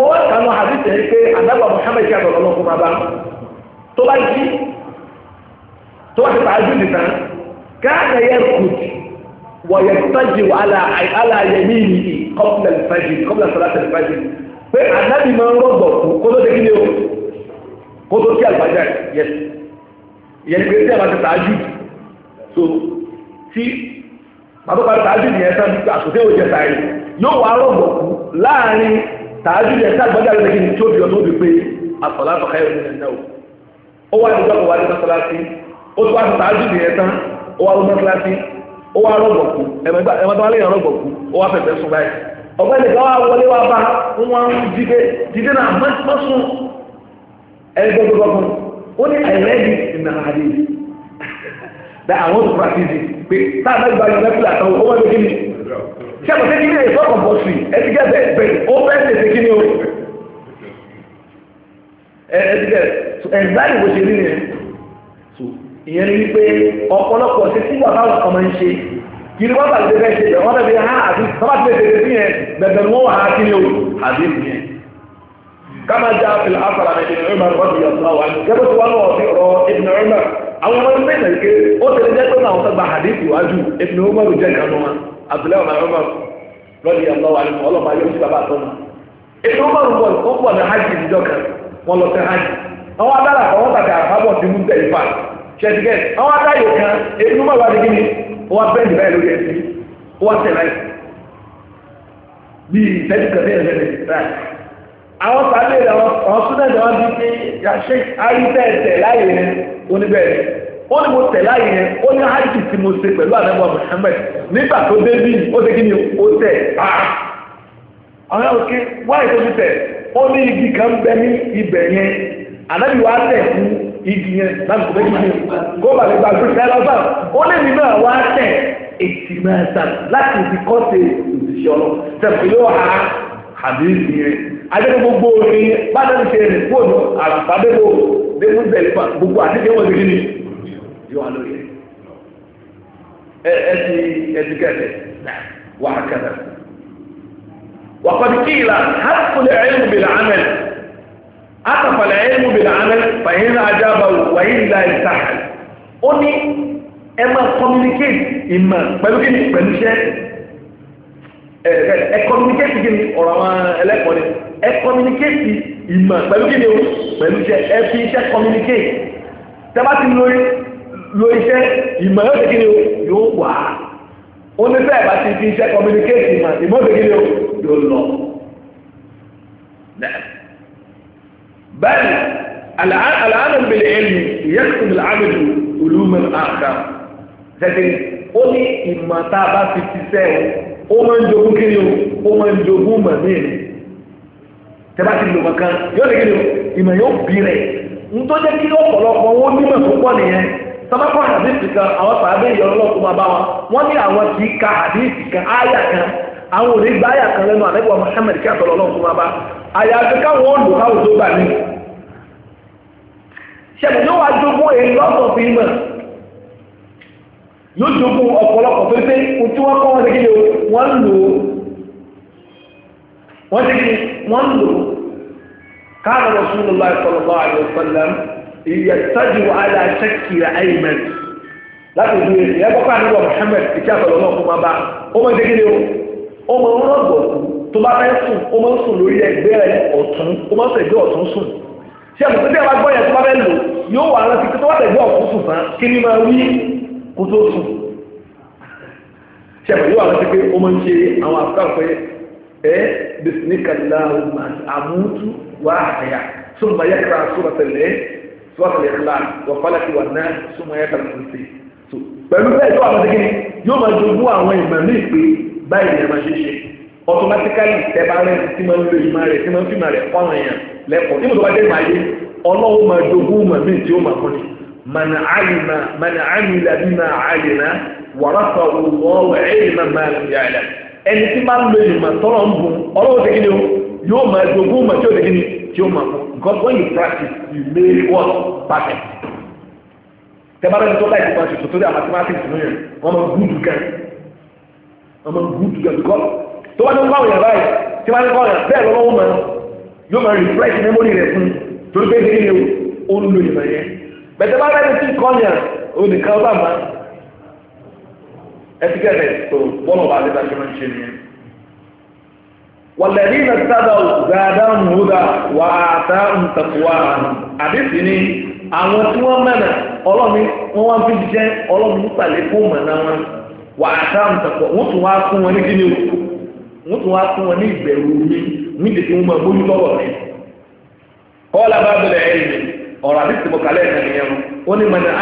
ọwọ́ ìkànnà àdìsí yẹn pé àdàbà muhammed yàtọ̀ ọlọ́kùnrin máa bá tó bá yí tó bá ti pàájú nìkan káàkiri yẹn kùtù. ويضطجع على على يمينه قبل الفجر قبل صلاة الفجر pé ànábì máa ń rọ̀gbọ̀ kó tó tẹ́kí ní o kó tó tí àgbàjá yes ìyẹn ni pé tí àbájá tààjú so tí pàtópa tààjú ní ẹ̀sán àtúnṣe òjẹ tààrí yóò wá rọ̀gbọ̀ kú láàrin tààjú ní ẹ̀sán àgbàjá rẹ̀ tẹ́kí ní tí ó fi ọdún wípé àtọ̀lá àtọ̀ká ẹ̀rọ ní ẹ̀dá o ó wá ìjọba wà ní mọ́sálásí ó tún wá tààjú ní ẹ̀sán ó wá rọ̀gbọ̀ kú ẹ̀mọ́ tó wá lẹ́yìn rọ̀gbọ̀ kú ó wá fẹ̀fẹ̀ ọ̀pẹ́ nìkan wá wọlé wá bá wọn ń dìde dìde náà mọ́sùn ẹgbẹ́ gbogbo kan ó ní àìrẹ́dì ìnà àdé that I want to practice it pé táà náà gba ìgbà fúlà kan ó wọ́n lé kíni ṣé àpò tẹ́kí ní ẹ̀fọ́ compulsory ẹtí gẹ́ bẹ́ẹ̀ bẹ́ẹ̀ ó fẹ́ ṣe ṣe kíni o ẹtí gẹ́ ẹ̀gbáàdì bó ṣe rí nìyẹn ìyẹn ni wípé ọ̀pọ̀lọpọ̀ ṣe tí bàbá àwọn ọmọ ń ṣe kí ni wọ́n bá lè bẹ́ẹ̀ ṣe ha àti sábà tí lè tẹ̀lé sí yẹn bẹ̀bẹ̀ wọ́n wà á kí ni kama ja fìlà afara ní ibn Umar rọ́bì ọ̀sán wa gẹ́gẹ́ fi rọ ibn Umar àwọn ọmọ ẹgbẹ́ ibn Umar ibn Umar ó wá bẹ́ẹ̀dì báyìí lórí ẹsẹ̀ ó wá tẹ̀ láì bí ìtẹ́jú ya ẹ̀rẹ́ rẹ̀ àwọn sáré rẹ̀ àwọn súnẹ́ẹ̀dì wọn bí pé yàṣẹ́ àyíṣẹ́ ẹ̀tẹ̀ láì yẹn oníbẹ̀rẹ̀ ó ní mo tẹ̀ yẹn ó ní tí mo ṣe pẹ̀lú nígbà tó dé bí ó ṣe kí ni ó tẹ̀ àwọn wáyé tó tẹ̀ ó ní ibi yẹn láti fẹ́ ibi yẹn kó bà lè lọ́sàn ó lè ní náà wá tẹ̀ èsì máa tà láti fi kọ́ ṣe òṣìṣẹ́ ọlọ́ tẹ̀sílẹ̀ wà á àbí gbogbo ní bàtà ti ṣe rẹ̀ gbogbo àtẹ̀kẹ́ wọ́n ti rí ni yóò wá lóye ẹtì ẹtìkẹ́tẹ̀ wà عطف العلم بالعمل فإن أجابه وإلا التحل ó ní ẹ máa communicate ìmọ̀ pẹ̀lú kí ni pẹ̀lú iṣẹ́ ẹ communicate kí ni ọ̀rọ̀ àwọn ẹlẹ́kọ̀ọ́ ni ẹ communicate ìmọ̀ pẹ̀lú kí ni o pẹ̀lú iṣẹ́ ẹ fi iṣẹ́ communicate tẹ́bá ti lo iṣẹ́ ìmọ̀ yóò ṣe kí ni o yóò wà á ó ní ti fi iṣẹ́ communicate ìmọ̀ ìmọ̀ yóò ṣe kí ni o yóò بل العمل بالعلم يكتب العمل علوما اخر لكن ó ní ìmọ̀ tá a bá fi ṣiṣẹ́ o ó máa ń jogún kí ni o ó máa ń jogún mọ̀ mí ni tẹ́ bá ti lò kankan yóò lè kí ni o kan àwọn òní gba àyà kan lẹ́nu àlẹ́gbọ̀n Muhammad kí àtọ̀lọ́ ọlọ́run tó máa bá àyà àti káwọn ọ̀nà káwọn tó gbà ní. ṣẹ̀mù yóò wá jogún èyí lọ́sọ̀ fi mọ̀ yóò jogún ọ̀pọ̀lọpọ̀ pé pé o tí wọ́n kọ́ wọn ṣe wọ́n lò wọ́n ṣe kí wọ́n lò káàdà Rasulullah sallallahu láti ìlú ẹ̀yẹ́kọ́kọ́ àdúgbò Muhammad ìkí àtọ̀lọ́ ọlọ́run tó bá ó mọ̀ ṣe o ó máa ń rọ̀gbọ̀ tó bá fẹ́ sùn ó máa ń sùn lórí ẹgbẹ́ ọ̀tún ó máa ń fẹ̀gbẹ́ ọ̀tún sùn ṣé àmì pé bí a bá gbọ́ yẹn tó bá fẹ́ lò yóò wà rántí pé tó bá fẹ̀gbẹ́ ọ̀tún sùn tán kí ni máa wí kó tó sùn ṣé àmì yóò wà rántí pé ó máa ń ṣe àwọn àfikà pé ẹ bismillahumma amutu wa ahya summa yaqra suratul suratul ikhlas wa falaq wan nas summa yaqra kursi pẹ̀lú bẹ́ẹ̀ tó àwọn ṣe kí ni yóò máa jogún àwọn ìmọ̀ ní ìpè báyìí lẹ́ẹ̀ máa ṣe ṣe automatically tẹ́bá rẹ̀ tí máa ń lo ìmọ̀ rẹ̀ tí máa ń fìmọ̀ rẹ̀ fọ́nrán yẹn lẹ́kọ̀ọ́ nígbà tó bá dé máa yé ọlọ́wọ́ máa jogún mọ̀ mí tí ó máa fún ni mànà àlìmà mànà àmìlà bí máa na wàràfà òwò ẹ̀yìnmá máa ń yà ẹ̀dá ẹni tí máa ń lo ìmọ̀ tọ́lọ̀ ń bùn o yóò when you practice you make what perfect ọmọ gúdù jọ kọ́ tó bá ní kọ́ yàrá yìí tí wọ́n ní kọ́ yàrá bẹ́ẹ̀ lọ́wọ́ mọ́ yóò máa reflect memory rẹ̀ fún torí pé kí ni ó ń lo ìmọ̀ yẹn bẹ̀tẹ̀ bá rẹ̀ ti kọ́ yàn onìkan bá máa ẹtikẹ́tẹ̀ tó bọ́lọ̀ bá lẹ́ta ṣe máa ń ṣe nìyẹn wàlẹ́rí na sábà dáadáa ń húdà wà á tá ń tàkùwà àrùn ni àwọn tí wọ́n mẹ́nà ọlọ́mi wọ́n wá fi jẹ́ ọlọ́mi ń fún mọ̀nà wọn wà á dáhùn tàpọ̀ wọ́n tún wá fún wọn ní kíni wọ́n tún wá fún wọn ní ìbẹ̀rù mi ní ìdèkí wọn máa bójú tọ̀wọ̀ mi. kọ́lá bá bẹ̀rẹ̀ ẹ̀yìn ọ̀rọ̀ àti